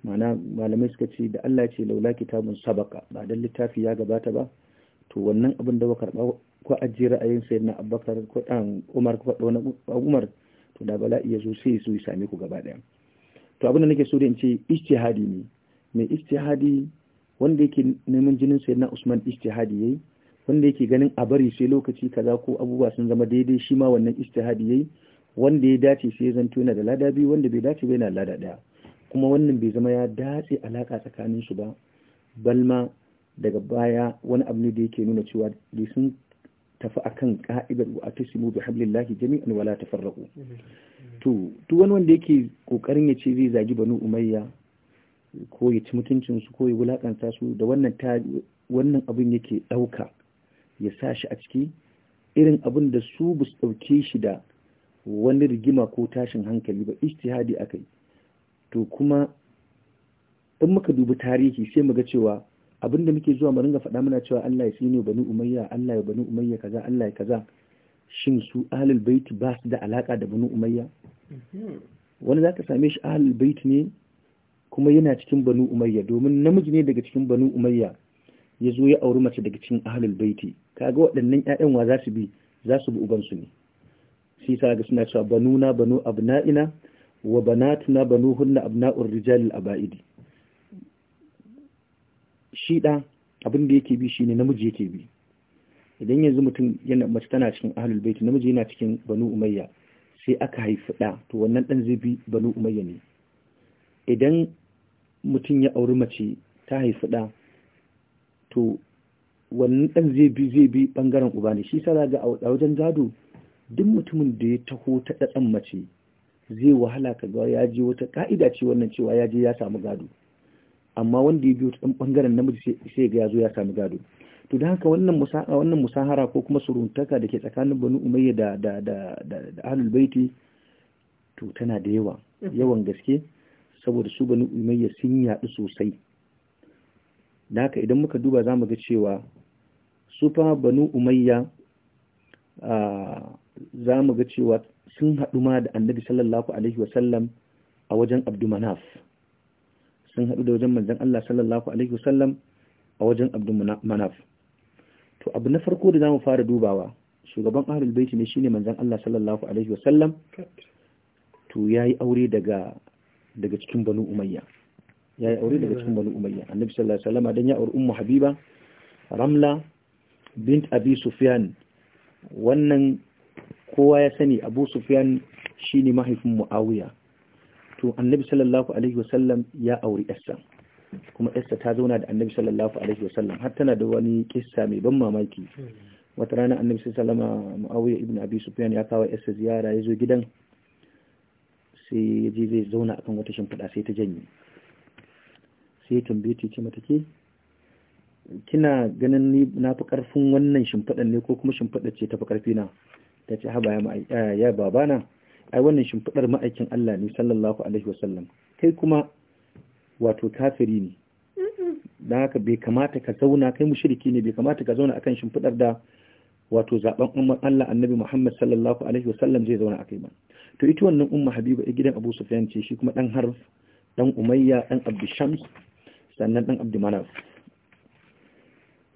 معناه ما لم يسكتي ده الله يتي لولا كتاب سبق بعد اللي تافي يا قباتبا با to wannan abin da bakar ko ajiye ra'ayin sayar na abubakar ko ɗan umar ko faɗo na umar to da bala'i ya zo sai su yi same ku gaba ɗaya to abin da nake so da in ce ijtihadi ne mai istihadi wanda yake neman jinin sai na Usman istihadi yayi wanda yake ganin a bari sai lokaci kaza ko abubuwa sun zama daidai shi ma wannan istihadi yayi wanda ya dace sai ya zanto yana da lada biyu wanda bai dace bai na lada daya kuma wannan bai zama ya dace alaka tsakanin su ba balma daga baya wani abu ne da yake nuna cewa da sun tafi akan ka'idar wa atasimu bi hablillahi jami'an wala tafarraqu mm-hmm. to duk wani wanda yake kokarin ya ce zai zagi banu umayya ko ya ci mutuncinsu ko ya wulaƙanta su da wannan abin yake ɗauka ya sa shi a ciki irin abin da su bus ɗauke shi da wani rigima ko tashin hankali ba ishtihadi a kai. to kuma in muka dubi tarihi sai mu ga cewa abin da muke zuwa mu ringa faɗa muna cewa Allah ya sine banu umayya Allah ya banu umayya kaza Allah ya kaza shin su ahlul bait ba su da alaka da banu umayya mhm. wani zaka same shi ahlul bait ne kuma yana cikin banu umayya domin namiji ne daga cikin banu umayya ya zo ya auri mace daga cikin ahlul baiti kaga waɗannan ƴaƴan wa za su bi za su bi ubansu ne shi sa ga suna cewa banuna banu abna'ina wa banatuna hunna abna'ur rijal abaidi shi da abin da yake bi shine namiji yake bi idan yanzu mutum yana mace tana cikin ahlul baiti namiji yana cikin banu umayya sai aka haifi da to wannan dan zai bi banu umayya ne idan mutum ya auri mace ta haifi ɗa to wannan ɗan zai bi zai bi ɓangaren uba ne shi sa ga a wajen gado duk mutumin da ya taho ta ɗaɗan mace zai wahala ka ga ya je wata ka'ida ce wannan cewa ya je ya samu gado amma wanda ya bi ta ɗan ɓangaren namiji sai ga ya zo ya samu gado to da haka wannan wannan musahara ko kuma suruntaka da ke tsakanin banu umayya da da da da ahlul baiti to tana da yawa mm-hmm. yawan gaske saboda su banu umayya sun yaɗu sosai da haka idan muka duba za mu ga cewa su fa banu umayya za mu ga cewa sun haɗu ma da annabi sallallahu alaihi wasallam a wajen abdumanaf sun haɗu da wajen manzan Allah sallallahu alaihi wasallam a wajen abdumanaf to abu na farko da za mu fara dubawa shugaban ahlul baiti ne shine manzan Allah sallallahu alaihi wasallam to yayi aure daga daga cikin banu umayya ya yi aure daga cikin banu umayya annabi sallallahu alaihi wasallam dan ya aure ummu habiba ramla bint abi sufyan wannan kowa ya sani abu sufyan shine mahaifin muawiya to annabi sallallahu alaihi wasallam ya aure yarsa kuma yarsa ta zauna da annabi sallallahu alaihi wasallam har tana da wani kissa mai ban mamaki wata rana annabi sallallahu alaihi wasallam muawiya ibn abi sufyan ya kawo yarsa ziyara ya zo gidan sai ya je zai zauna akan wata shimfiɗa sai ta janye sai ya tambaye ta ce mata ke kina ganin ni na fi ƙarfin wannan shimfiɗan ne ko kuma shimfiɗar ce ta fi ƙarfi na ta ce haɓa ya babana ai wannan shimfiɗar ma'aikin Allah ne sallallahu alaihi wasallam kai kuma wato kafiri ne don haka bai kamata ka zauna kai mushriki ne bai kamata ka zauna akan shimfiɗar da wato zaben umman Allah annabi Muhammad sallallahu alaihi wasallam zai zauna a kai ba to ita wannan umma habiba a gidan Abu Sufyan ce shi kuma dan harf dan Umayya dan Abd Shams sannan dan Abd Manaf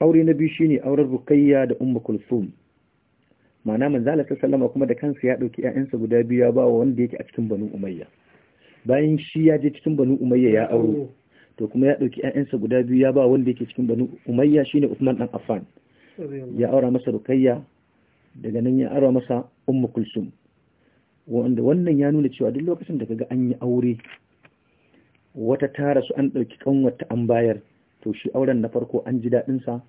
aure na biyu shine auren Rukayya da umma Kulthum ma'ana manzo Allah sallallahu kuma da kansa ya dauki ƴaƴansa guda biyu ya bawa wanda yake a cikin Banu Umayya bayan shi ya je cikin Banu Umayya ya aure, to kuma ya dauki ƴaƴansa guda biyu ya bawa wanda yake cikin Banu Umayya shine Uthman dan Affan ya aura masa rukayya daga nan ya aura masa ummu kulsum wanda wannan ya nuna cewa duk lokacin da kaga an yi aure wata tara su an ɗauki kanwata an bayar to shi auren na farko an ji daɗinsa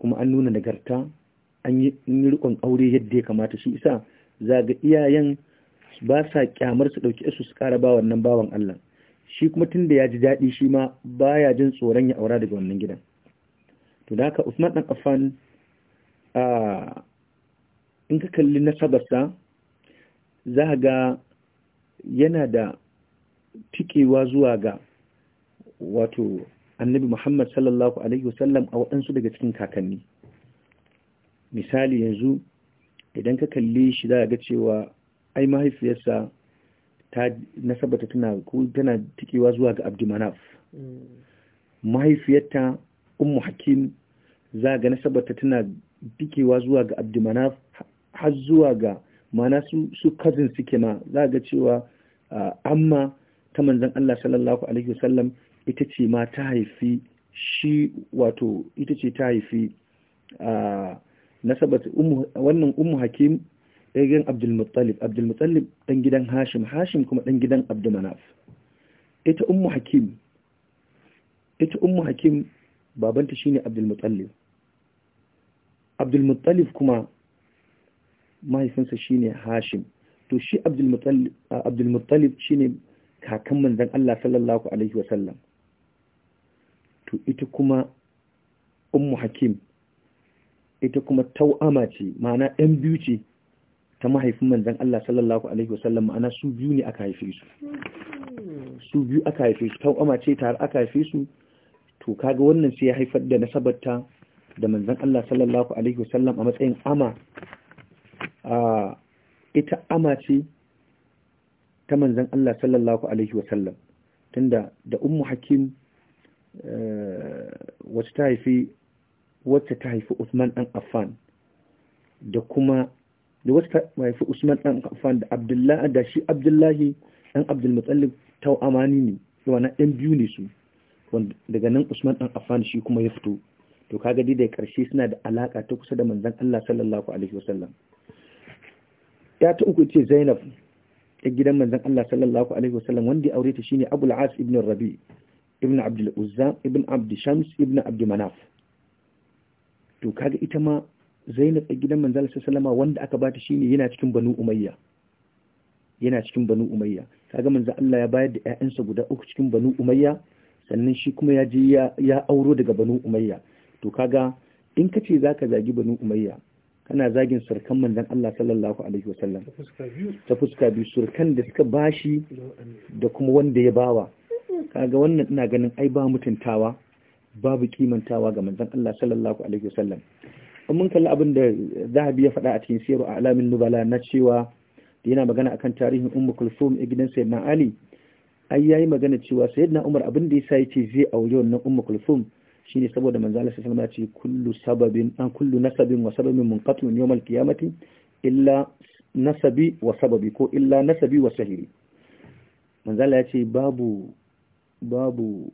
kuma an nuna nagarta an yi rikon aure yadda ya kamata shi isa zaga iyayen ba sa kyamar su ɗauki su su ƙara ba wannan bawan Allah shi kuma tunda ya ji daɗi shi ma baya jin tsoron ya aura daga wannan gidan to da haka Usman dan Affan a in ka kalli nasabarsa za ga yana da tikewa zuwa ga wato annabi Muhammad sallallahu alaihi wasallam a waɗansu daga cikin kakanni misali yanzu idan ka kalli shi za ga cewa ai mahaifiyarsa ta nasabata tana tikewa zuwa ga Manaf. Mm. mahaifiyarta ummu hakim za ga nasabarta tana bikewa zuwa ga abdumanaf har zuwa ga mana su su cousin suke ma za ga cewa amma ta manzan Allah sallallahu alaihi wasallam ita ce ma ta haifi shi wato ita ce ta haifi Nasabata, wannan ummu hakim ɗaya gidan abdulmuttalib abdulmuttalib ɗan gidan hashim hashim kuma ɗan gidan abdumanaf ita ummu hakim ita ummu hakim babanta shi ne abdulmutallif abdulmutallif kuma mahaifinsa shi ne hashim to shi abdulmutallif ne kakan manzan Allah sallallahu alaihi wasallam to ita kuma ummu hakim ita kuma tau'ama ce ma'ana ɗan biyu ce ta mahaifin manzan Allah sallallahu alaihi wasallam ma'ana su biyu ne aka haife su su biyu aka haife su tau'ama ce tare aka haife su to kaga wannan sai ya haifar da nasabarta da manzon Allah sallallahu alaihi wasallam a matsayin ama a ita ama ce ta manzon Allah sallallahu alaihi wasallam tunda da ummu hakim e, wacce ta haifi wacce ta haifi Usman dan Affan da kuma da wacce ta haifi Uthman dan Affan da Abdullahi da shi Abdullahi dan Abdul Muttalib amani ne wannan ɗan biyu ne su daga nan Usman ɗan Affan shi kuma ya fito to kaga dai da ƙarshe suna da alaka ta kusa da manzon Allah sallallahu alaihi wasallam ya ta uku ce Zainab ta gidan manzon Allah sallallahu alaihi wasallam wanda ya aure ta shine Abu al-As ibn Rabi ibn Abd al-Uzza ibn Abd Shams ibn Abd Manaf to kaga ita ma Zainab ta gidan manzon Allah sallallahu alaihi Wasallam wanda aka bata shine yana cikin Banu Umayya yana cikin Banu Umayya kaga manzon Allah ya bayar da ƴaƴansa guda uku cikin Banu Umayya sannan shi kuma ya je ya auro daga banu umayya to kaga in kace ce za ka zagi banu umayya kana zagin surkan manzan Allah sallallahu alaihi wasallam ta fuska biyu surkan da suka bashi da kuma wanda ya bawa kaga wannan ina ganin ai ba mutuntawa babu kimantawa ga manzan Allah sallallahu alaihi wasallam mun kalli abin da zahabi ya faɗa a cikin siru a alamin nubala na cewa yana magana akan tarihin ummu kulsum a gidan sayyidina ai yayi magana cewa sayyidina Umar abin da yasa yake zai aure wannan Ummu Kulthum shine saboda manzo Allah sallallahu alaihi wasallam ya ce kullu sababin an kullu nasabin wa sababin munqatun yawm al-qiyamati illa nasabi wa sababi ko illa nasabi wa sahiri manzo Allah ya ce babu babu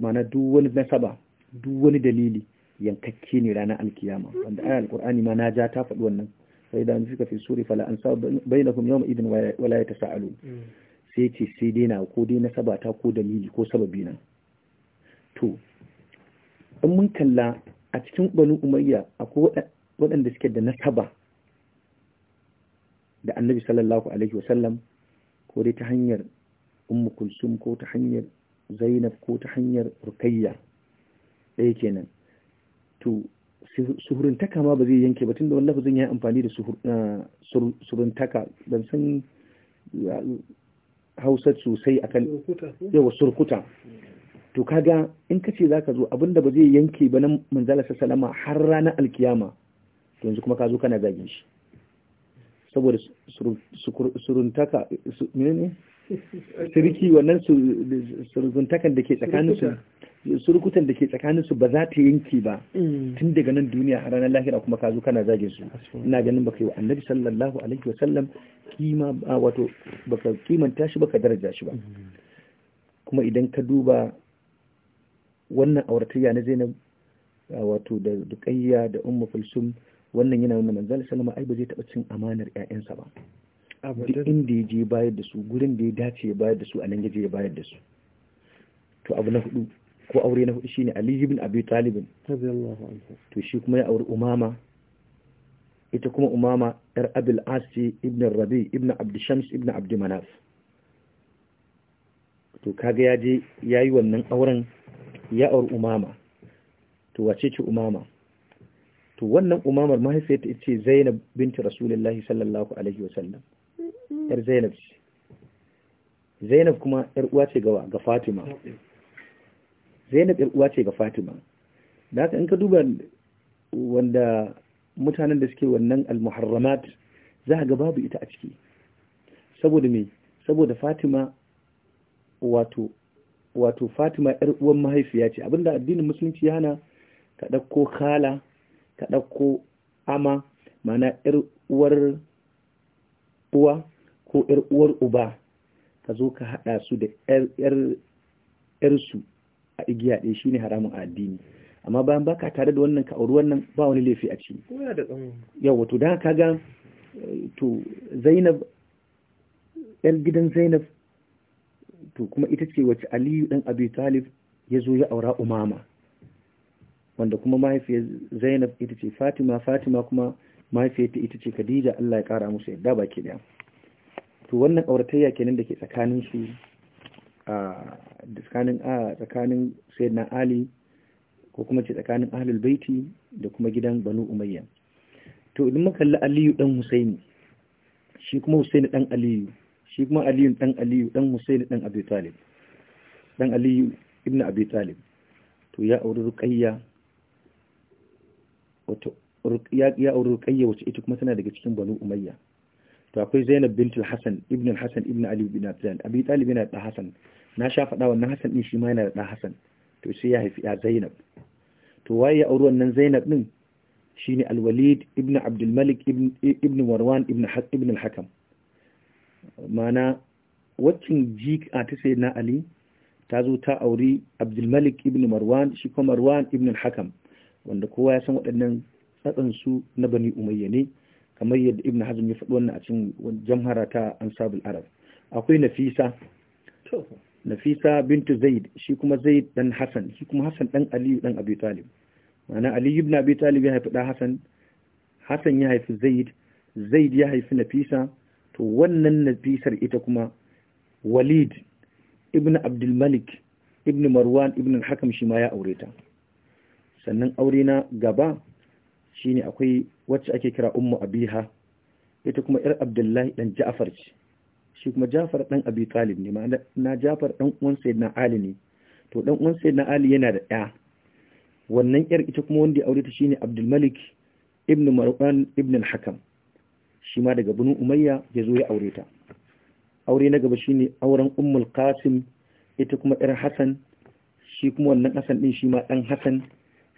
mana duk wani nasaba duk wani dalili yankakke ne ranar alkiyama wanda ayar alkur'ani ma na ja ta faɗi wannan sai da suka fi suri fala an sa bainahum yawma idin wala yatasaalun mm. sai ce sai dai na ko dai nasaba ta ko dalili ko sababi nan to in mun kalla a cikin banu umayya akwai waɗanda suke da nasaba da annabi sallallahu alaihi wasallam ko dai ta hanyar ummu kulsum ko ta hanyar zainab ko ta hanyar rukayya ɗaya kenan to taka ma ba zai yanke ba tunda wani lafazin ya amfani da suhuruntaka ah, ban san hausa sosai kan yawa surkuta to kaga in kace zaka zo abinda ba zai yanke ba na manzala salama har ranar alkiyama to yanzu kuma ka zo kana zagin shi saboda suruntaka menene siriki wannan surguntakan da ke tsakanin surukutan da ke ba za ta yanki ba mm. tun daga nan duniya a ranar lahira kuma ka zo kana zagin su ina ganin baka yi wa annabi sallallahu alaihi wa sallam kima wato baka kimanta shi baka daraja shi ba mm-hmm. kuma idan ka duba wannan auratayya na Zainab wato da dukayya da Ummu Kulsum wannan yana nuna manzal sallallahu alaihi wa sallam ai ba zai taba cin amanar ƴaƴansa ba duk inda ya je bayar da su gurin da ya dace ya bayar da su a nan gaje ya bayar da su to abu na hudu ko aure na hudu shi ne Ali bin Abi talibin. to shi kuma ya auri Umama ita kuma Umama yar Abil Asi, ibn Rabi ibn Abd Shams ibn Abd Manaf to kaga ya je yi wannan auren ya auri Umama to wace ce Umama to wannan umamar mahaifiyarta ta ce zainab binti rasulullahi sallallahu alaihi wasallam yar zainab ce zainab kuma yar uwa ce ga fatima zainab yar uwa ce ga fatima da aka in ka duba wanda mutanen da suke wannan almuharramat za ga babu ita a ciki saboda me saboda fatima wato wato fatima yar uwan mahaifiya ce abinda addinin musulunci yana ka ɗauko khala ka ɗauko ama mana ‘yar uwar uwa ko ‘yar uwar uba ka zo ka haɗa su da ‘yarsu a igiya ɗaya shine haramun addini amma bayan ka tare da wannan ka auri wannan ba wani laifi a ciki yawa to don kaga to zainab ‘yar gidan zainab to kuma ita ce wacce aliyu ɗan abi talib ya zo ya aura umama wanda kuma mahaifiyar zainab ita ce fatima fatima kuma mahaifiyarta ita ce khadija allah ya kara musu yadda baki daya to wannan auratayya kenan da ke tsakanin su a tsakanin a tsakanin sayyidina ali ko kuma ce tsakanin ahlul baiti da kuma gidan banu umayya to idan muka kalli aliyu dan husaini shi kuma husaini dan aliyu shi kuma aliyu dan aliyu dan husaini dan abi talib dan aliyu ibnu abi talib to ya auri ruqayya wata ya auri ruqayya wacce ita kuma tana daga cikin banu umayya to akwai zainab bint al-hasan ibn al-hasan ibn ali ibn abdan abi talib yana da hasan na sha faɗa wannan hasan din shi ma yana da hasan to sai ya haifi ya zainab to waye ya auri wannan zainab din shine al-walid ibn abdul malik ibn ibn warwan ibn ibn al-hakam mana waccin a ta sayyidina ali ta zo ta auri abdul malik ibn marwan shi kuma marwan ibn al-hakam wanda kowa ya san waɗannan su na bani umayya ne kamar yadda ibn hazm ya faɗi wannan a cikin jamhara ta ansabul arab akwai nafisa nafisa bintu zaid shi kuma zaid dan hasan shi kuma hasan dan aliyu dan abi talib ma'ana aliyu ibn abi talib ya haifi hasan hasan ya haifi zaid zaid ya haifi nafisa to wannan nafisar ita kuma walid ibn abdul malik ibn marwan ibn al-hakam shi ma ya aure ta sannan aure na gaba shine akwai wacce ake kira ummu abiha ita kuma yar abdullahi dan ja'far ce shi kuma ja'far dan abi talib ne ma'ana na ja'far dan uwan sayyidina ali ne to dan uwan sayyidina ali yana da ɗaya wannan yar ita kuma wanda ya aure ta shine abdul malik ibn marwan ibn al-hakam shi ma daga bunu umayya ya zo ya aure ta aure na gaba shine auren ummul qasim ita kuma yar hasan shi kuma wannan hasan din shi ma dan hasan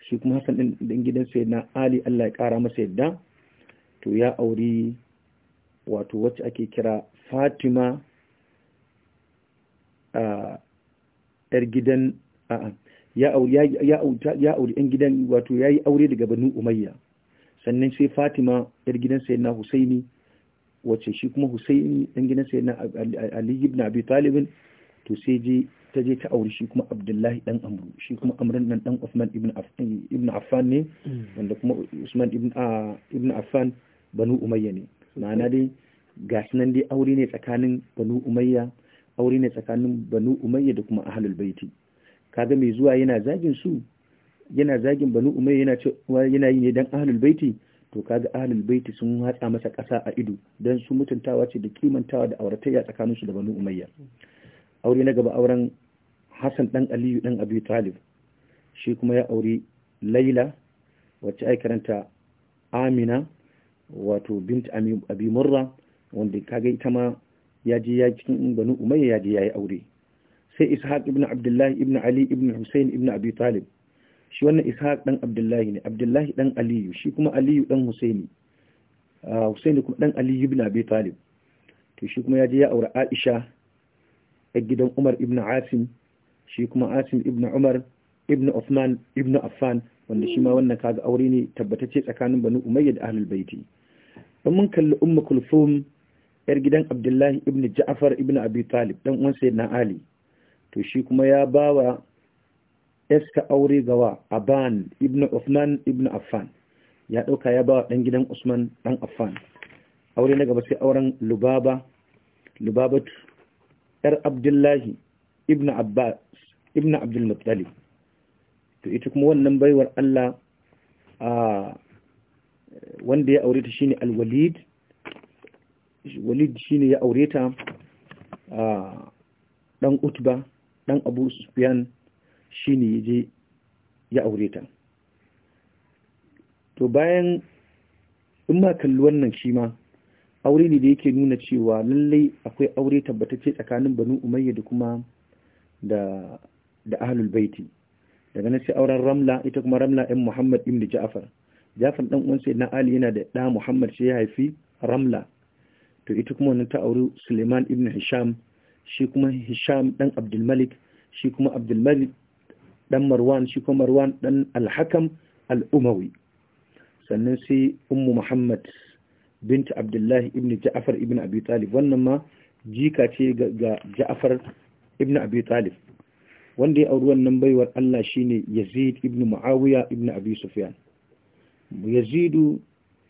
shi kuma hakan ɗin gidan sai na ali Allah ya ƙara masa yadda to ya auri wato wacce ake kira fatima a gidan a'a ya auri ya auri ɗan gidan wato ya yi aure daga banu umayya sannan sai fatima yar gidan na husaini wacce shi kuma husaini ɗan gidan na ali ibn abi talibin to sai ji ta je ta aure shi kuma abdullahi dan amru shi kuma amran nan dan usman ibn affan ne wanda kuma usman ah, ibn affan banu umayya ne ma'ana dai gashi nan dai aure ne tsakanin banu umayya aure ne tsakanin banu umayya da kuma ahlul baiti kaga mai zuwa yana zagin su yana zagin banu umayya yana cewa yana yi ne dan ahlul baiti to kaga ahlul baiti sun hatsa masa ƙasa a ido dan su mutuntawa ce da kimantawa da auratayya tsakanin su da banu umayya aure na gaba auren Hassan ɗan Aliyu ɗan Abi Talib shi kuma ya auri Laila wacce ai karanta Amina wato bint Abi Murra wanda kaga ita ma ya je ya cikin Banu Umayya ya je yayi aure sai Ishaq ibn Abdullah ibn Ali ibn Hussein ibn Abi Talib shi wannan Ishaq ɗan Abdullahi ne Abdullahi ɗan Aliyu shi kuma Aliyu ɗan Husaini ah, Husaini kuma ɗan Aliyu ibn Abi Talib to shi kuma ya je ya aure Aisha a gidan Umar ibn Asim shi kuma asim ibn umar ibn Uthman ibn Affan wanda shi ma wannan kaga aure ne tabbatacce tsakanin Banu Umayya da Ahlul Baiti dan mun kalli Umma Kulthum yar gidan Abdullahi ibn Ja'far ibn Abi Talib dan uwan Sayyidina Ali to shi kuma ya bawa iska aure gawa Aban ibn Uthman ibn Affan ya dauka ya bawa dan gidan Usman dan Affan aure na gaba sai auren Lubaba Lubabatu yar Abdullahi ibn abbas ibn abdul muttalib to ita kuma wannan baiwar Allah a wanda ya aureta shine al-walid walid shine ya aure ta a dan utba dan abu sufyan shine yaje ya aure to bayan in ma kalli wannan shi ma aure ne da yake nuna cewa lallai akwai aure tabbatacce tsakanin banu umayya da kuma da da ahlul baiti daga nan sai auren ramla ita kuma ramla ɗin muhammad ibn ja'far ja'far ɗan uwan sayyidina ali yana da ɗa muhammad shi ya haifi ramla to ita kuma wannan ta auri suleiman ibn hisham shi kuma hisham ɗan abdulmalik shi kuma abdulmalik ɗan marwan shi kuma marwan ɗan alhakam al'umawi sannan sai ummu muhammad binta abdullahi ibn ja'far ibn abi talib wannan ma jika ce ga ja'far ibn abi talib wanda ya auri wannan baiwar Allah shine yazid ibn muawiya ibn abi sufyan yazidu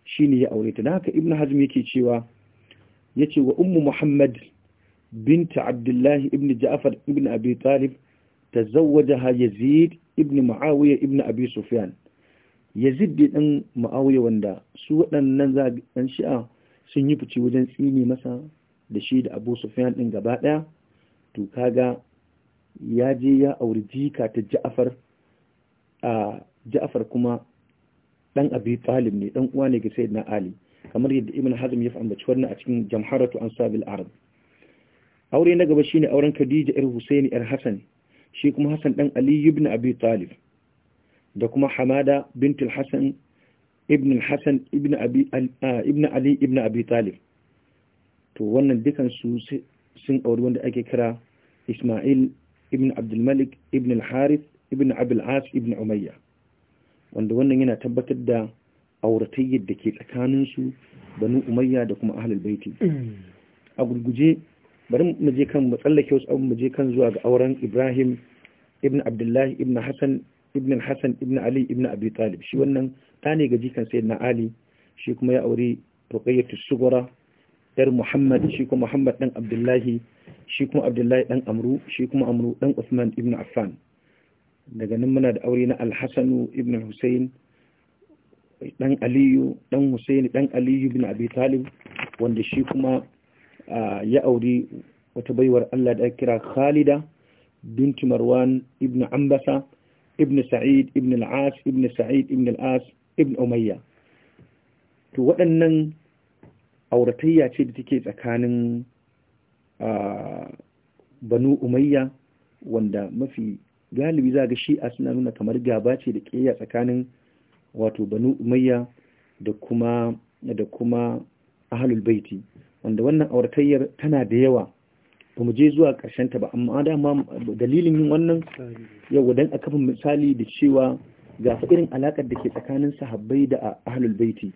shine ya aure ta da haka ibn hazm yake cewa yace wa ummu muhammad binta abdullahi ibn ja'far ibn abi talib tazawwajaha yazid ibn muawiya ibn abi sufyan yazid din muawiya wanda su waɗannan zabi dan shi'a sun yi fice wajen tsini masa da shi da abu sufyan din gaba daya to kaga ya je ya auri jika ta ja'afar a ja'afar kuma dan abi talib ne dan uwa ne ga sayyidina ali kamar yadda ibn hazm ya ambaci wannan a cikin jamharatu ansabil arab aure na gaba shine auren khadija ir husaini ir hasan shi kuma hasan dan ali ibn abi talib da kuma hamada bintul hasan ibn hasan ibn abi ibn ali ibn abi talib to wannan dukan su sun auri wanda ake kira Ismail ibn Abdulmalik ibn al-Harith ibn Abul As ibn Umayya wanda wannan yana tabbatar da auratayyar da ke tsakanin su banu Umayya da kuma ahlul baiti a gurguje bari mu je kan mu wasu abu mu je kan zuwa ga auren Ibrahim ibn Abdullah ibn Hassan ibn Hassan ibn Ali ibn Abi Talib shi wannan ta ne ga jikan Sayyidina Ali shi kuma ya aure Ruqayyatu Sugura yar Muhammad shi kuma Muhammad dan Abdullahi shi kuma Abdullahi dan Amru shi kuma Amru dan Usman ibn Affan daga nan muna da aure na Al-Hasan ibn Hussein dan Aliyu dan Hussein dan Aliyu ibn Abi Talib wanda shi kuma ya auri wata baiwar Allah da kira Khalida bint Marwan ibn Ambasa ibn Sa'id ibn Al-As ibn Sa'id ibn Al-As ibn Umayya to waɗannan auratayya ce da take tsakanin banu umayya wanda mafi galibi za ga shi'a suna nuna kamar gaba ce da ƙeya tsakanin wato banu umayya da kuma da kuma ahalul baiti wanda wannan auratayyar tana da yawa ba mu je zuwa ƙarshen ta ba amma dama dalilin yin wannan yau dan a kafa misali da cewa ga irin alakar da ke tsakanin sahabbai da ahalul baiti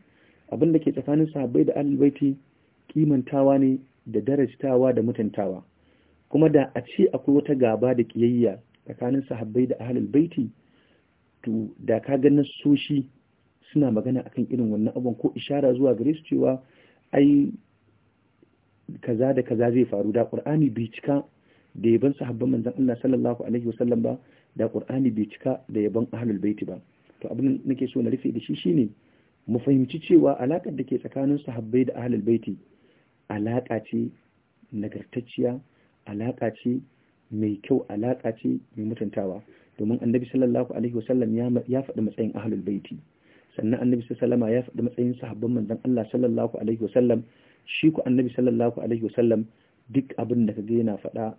abin da ke tsakanin sahabbai da alibaiti kimantawa ne da darajtawa da mutuntawa kuma da a ce akwai wata gaba da kiyayya tsakanin sahabbai da ahlul baiti to da ka ga nasoshi suna magana akan irin wannan abun ko ishara zuwa gare su cewa ai kaza da kaza zai faru da qur'ani bai cika da yaban sahabban manzon Allah sallallahu alaihi wasallam ba da qur'ani bai cika da yaban ahlul baiti ba to abin nake so na rufe da shi shine mu fahimci cewa alaƙar da ke tsakanin sahabbai da ahlul baiti alaƙa ce nagartacciya alaƙa ce mai kyau alaƙa ce mai mutuntawa domin annabi sallallahu alaihi wasallam ya faɗi matsayin ahlul baiti sannan annabi sallama ya faɗi matsayin sahabban manzon Allah sallallahu alaihi wasallam shi ku annabi sallallahu alaihi wasallam duk abin da kaga yana faɗa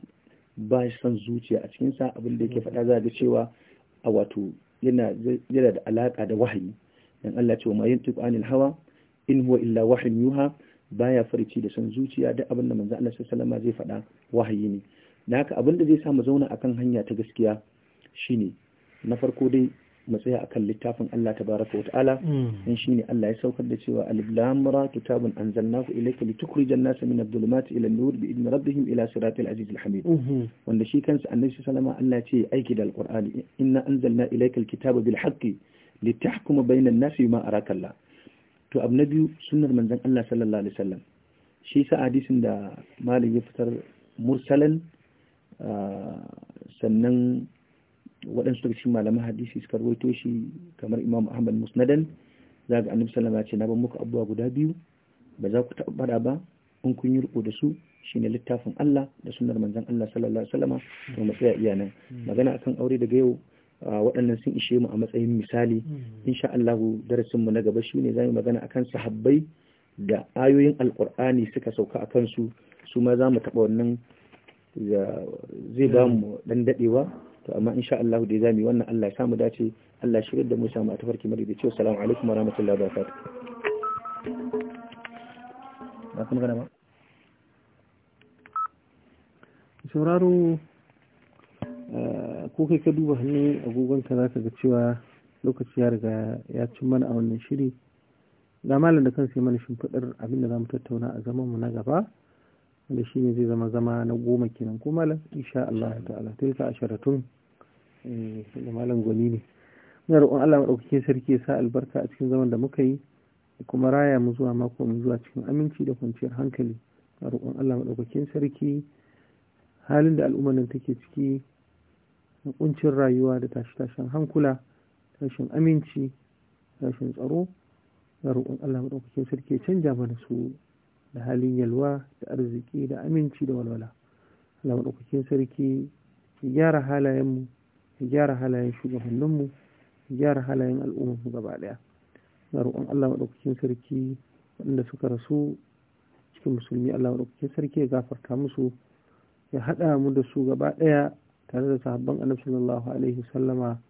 ba shi son zuciya a cikin sa abin da yake faɗa za ga cewa a wato yana yana da alaƙa da wahayi dan Allah ce wa ma yantiqu hawa in huwa illa wahyun yuha baya farci da san zuciya da abin da manzo Allah sallallahu alaihi zai faɗa wahayi ne da haka abin da zai sa mu zauna akan hanya ta gaskiya shine na farko dai mu tsaya akan littafin Allah tabaraka wa ta'ala in mm. shine Allah ya saukar da cewa alif lam ra kitabun anzalnahu ilayka litukhrijan nasa min adh-dhulumati ila an-nur bi idni rabbihim ila siratil azizil hamid mm-hmm. wanda shi kansa annabi sallallahu alaihi wasallam Allah ya ce aiki da alqur'ani inna anzalna ilayka alkitaba bil haqqi litahkuma bainan nasi bima araka Allah to abu na biyu sunnar manzon Allah sallallahu alaihi wasallam shi sa hadisin da malik ya fitar mursalan sannan waɗansu daga cikin malaman hadisi suka rawaito shi kamar Imam Ahmad Musnadan zaga Annabi sallallahu alaihi wasallam ya ce na ban muku abubuwa guda biyu ba za ku taɓa bada ba in kun yi riko da su shi ne littafin Allah da sunnar manzon Allah sallallahu alaihi wasallam to mu tsaya iya nan magana akan aure daga yau Ah, waɗannan sun ishe mu a matsayin misali hmm. insha allahu darasin mu na gaba shine zamu magana akan sahabbai da ayoyin alqur'ani suka sauka akan su su ma zamu taba wannan zai ba mu dan hmm. dadewa to amma insha Allahu dai zamu wannan Allah ya samu dace Allah shirye da mu samu a tafarki mari da cewa assalamu alaikum wa barakatuh na kuma gana ba sauraro Eh, ko kai ka duba hannun agogonka za ka ga cewa lokaci ya riga ya cin mana a wannan shiri ga malam da kansa mana shimfiɗar abinda za mu tattauna a zaman mu na gaba wanda shi ne zai zama zama na goma kenan ko malam insha Allah ta'ala tilka asharatun eh, da malam gwani ne muna roƙon Allah maɗaukakin sarki ya sa albarka a cikin zaman da muka yi kuma raya mu zuwa mako mu zuwa cikin aminci da kwanciyar hankali a roƙon Allah maɗaukakin sarki halin da al'ummar nan take ciki na kuncin rayuwa da tashi tashen hankula tashin aminci tashin tsaro na roƙon Allah maɗaukacin sarki canja mana su da halin yalwa da arziki da aminci da walwala Allah maɗaukacin sarki ya gyara halayenmu ya gyara halayen shugabanninmu ya gyara halayen mu gaba ɗaya na roƙon Allah maɗaukacin sarki waɗanda suka rasu cikin musulmi Allah maɗaukacin sarki ya gafarta musu ya haɗa mu da su gaba ɗaya tare da sahabban annabi sallallahu alaihi sallama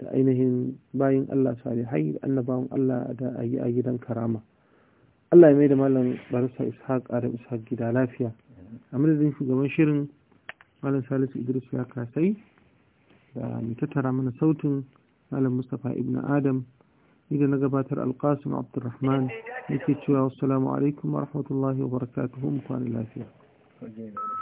da ainihin bayin Allah salihai da annabawan Allah da ayi a gidan karama Allah ya mai da malam barisa ishaq adam ishaq gida lafiya a madadin shugaban shirin malam salisu idris ya kasai da mai tattara mana sautin malam mustapha ibn adam idan na gabatar alkasim abdulrahman yake cewa wassalamu alaikum wa rahmatullahi wa barakatuhu mu kwana lafiya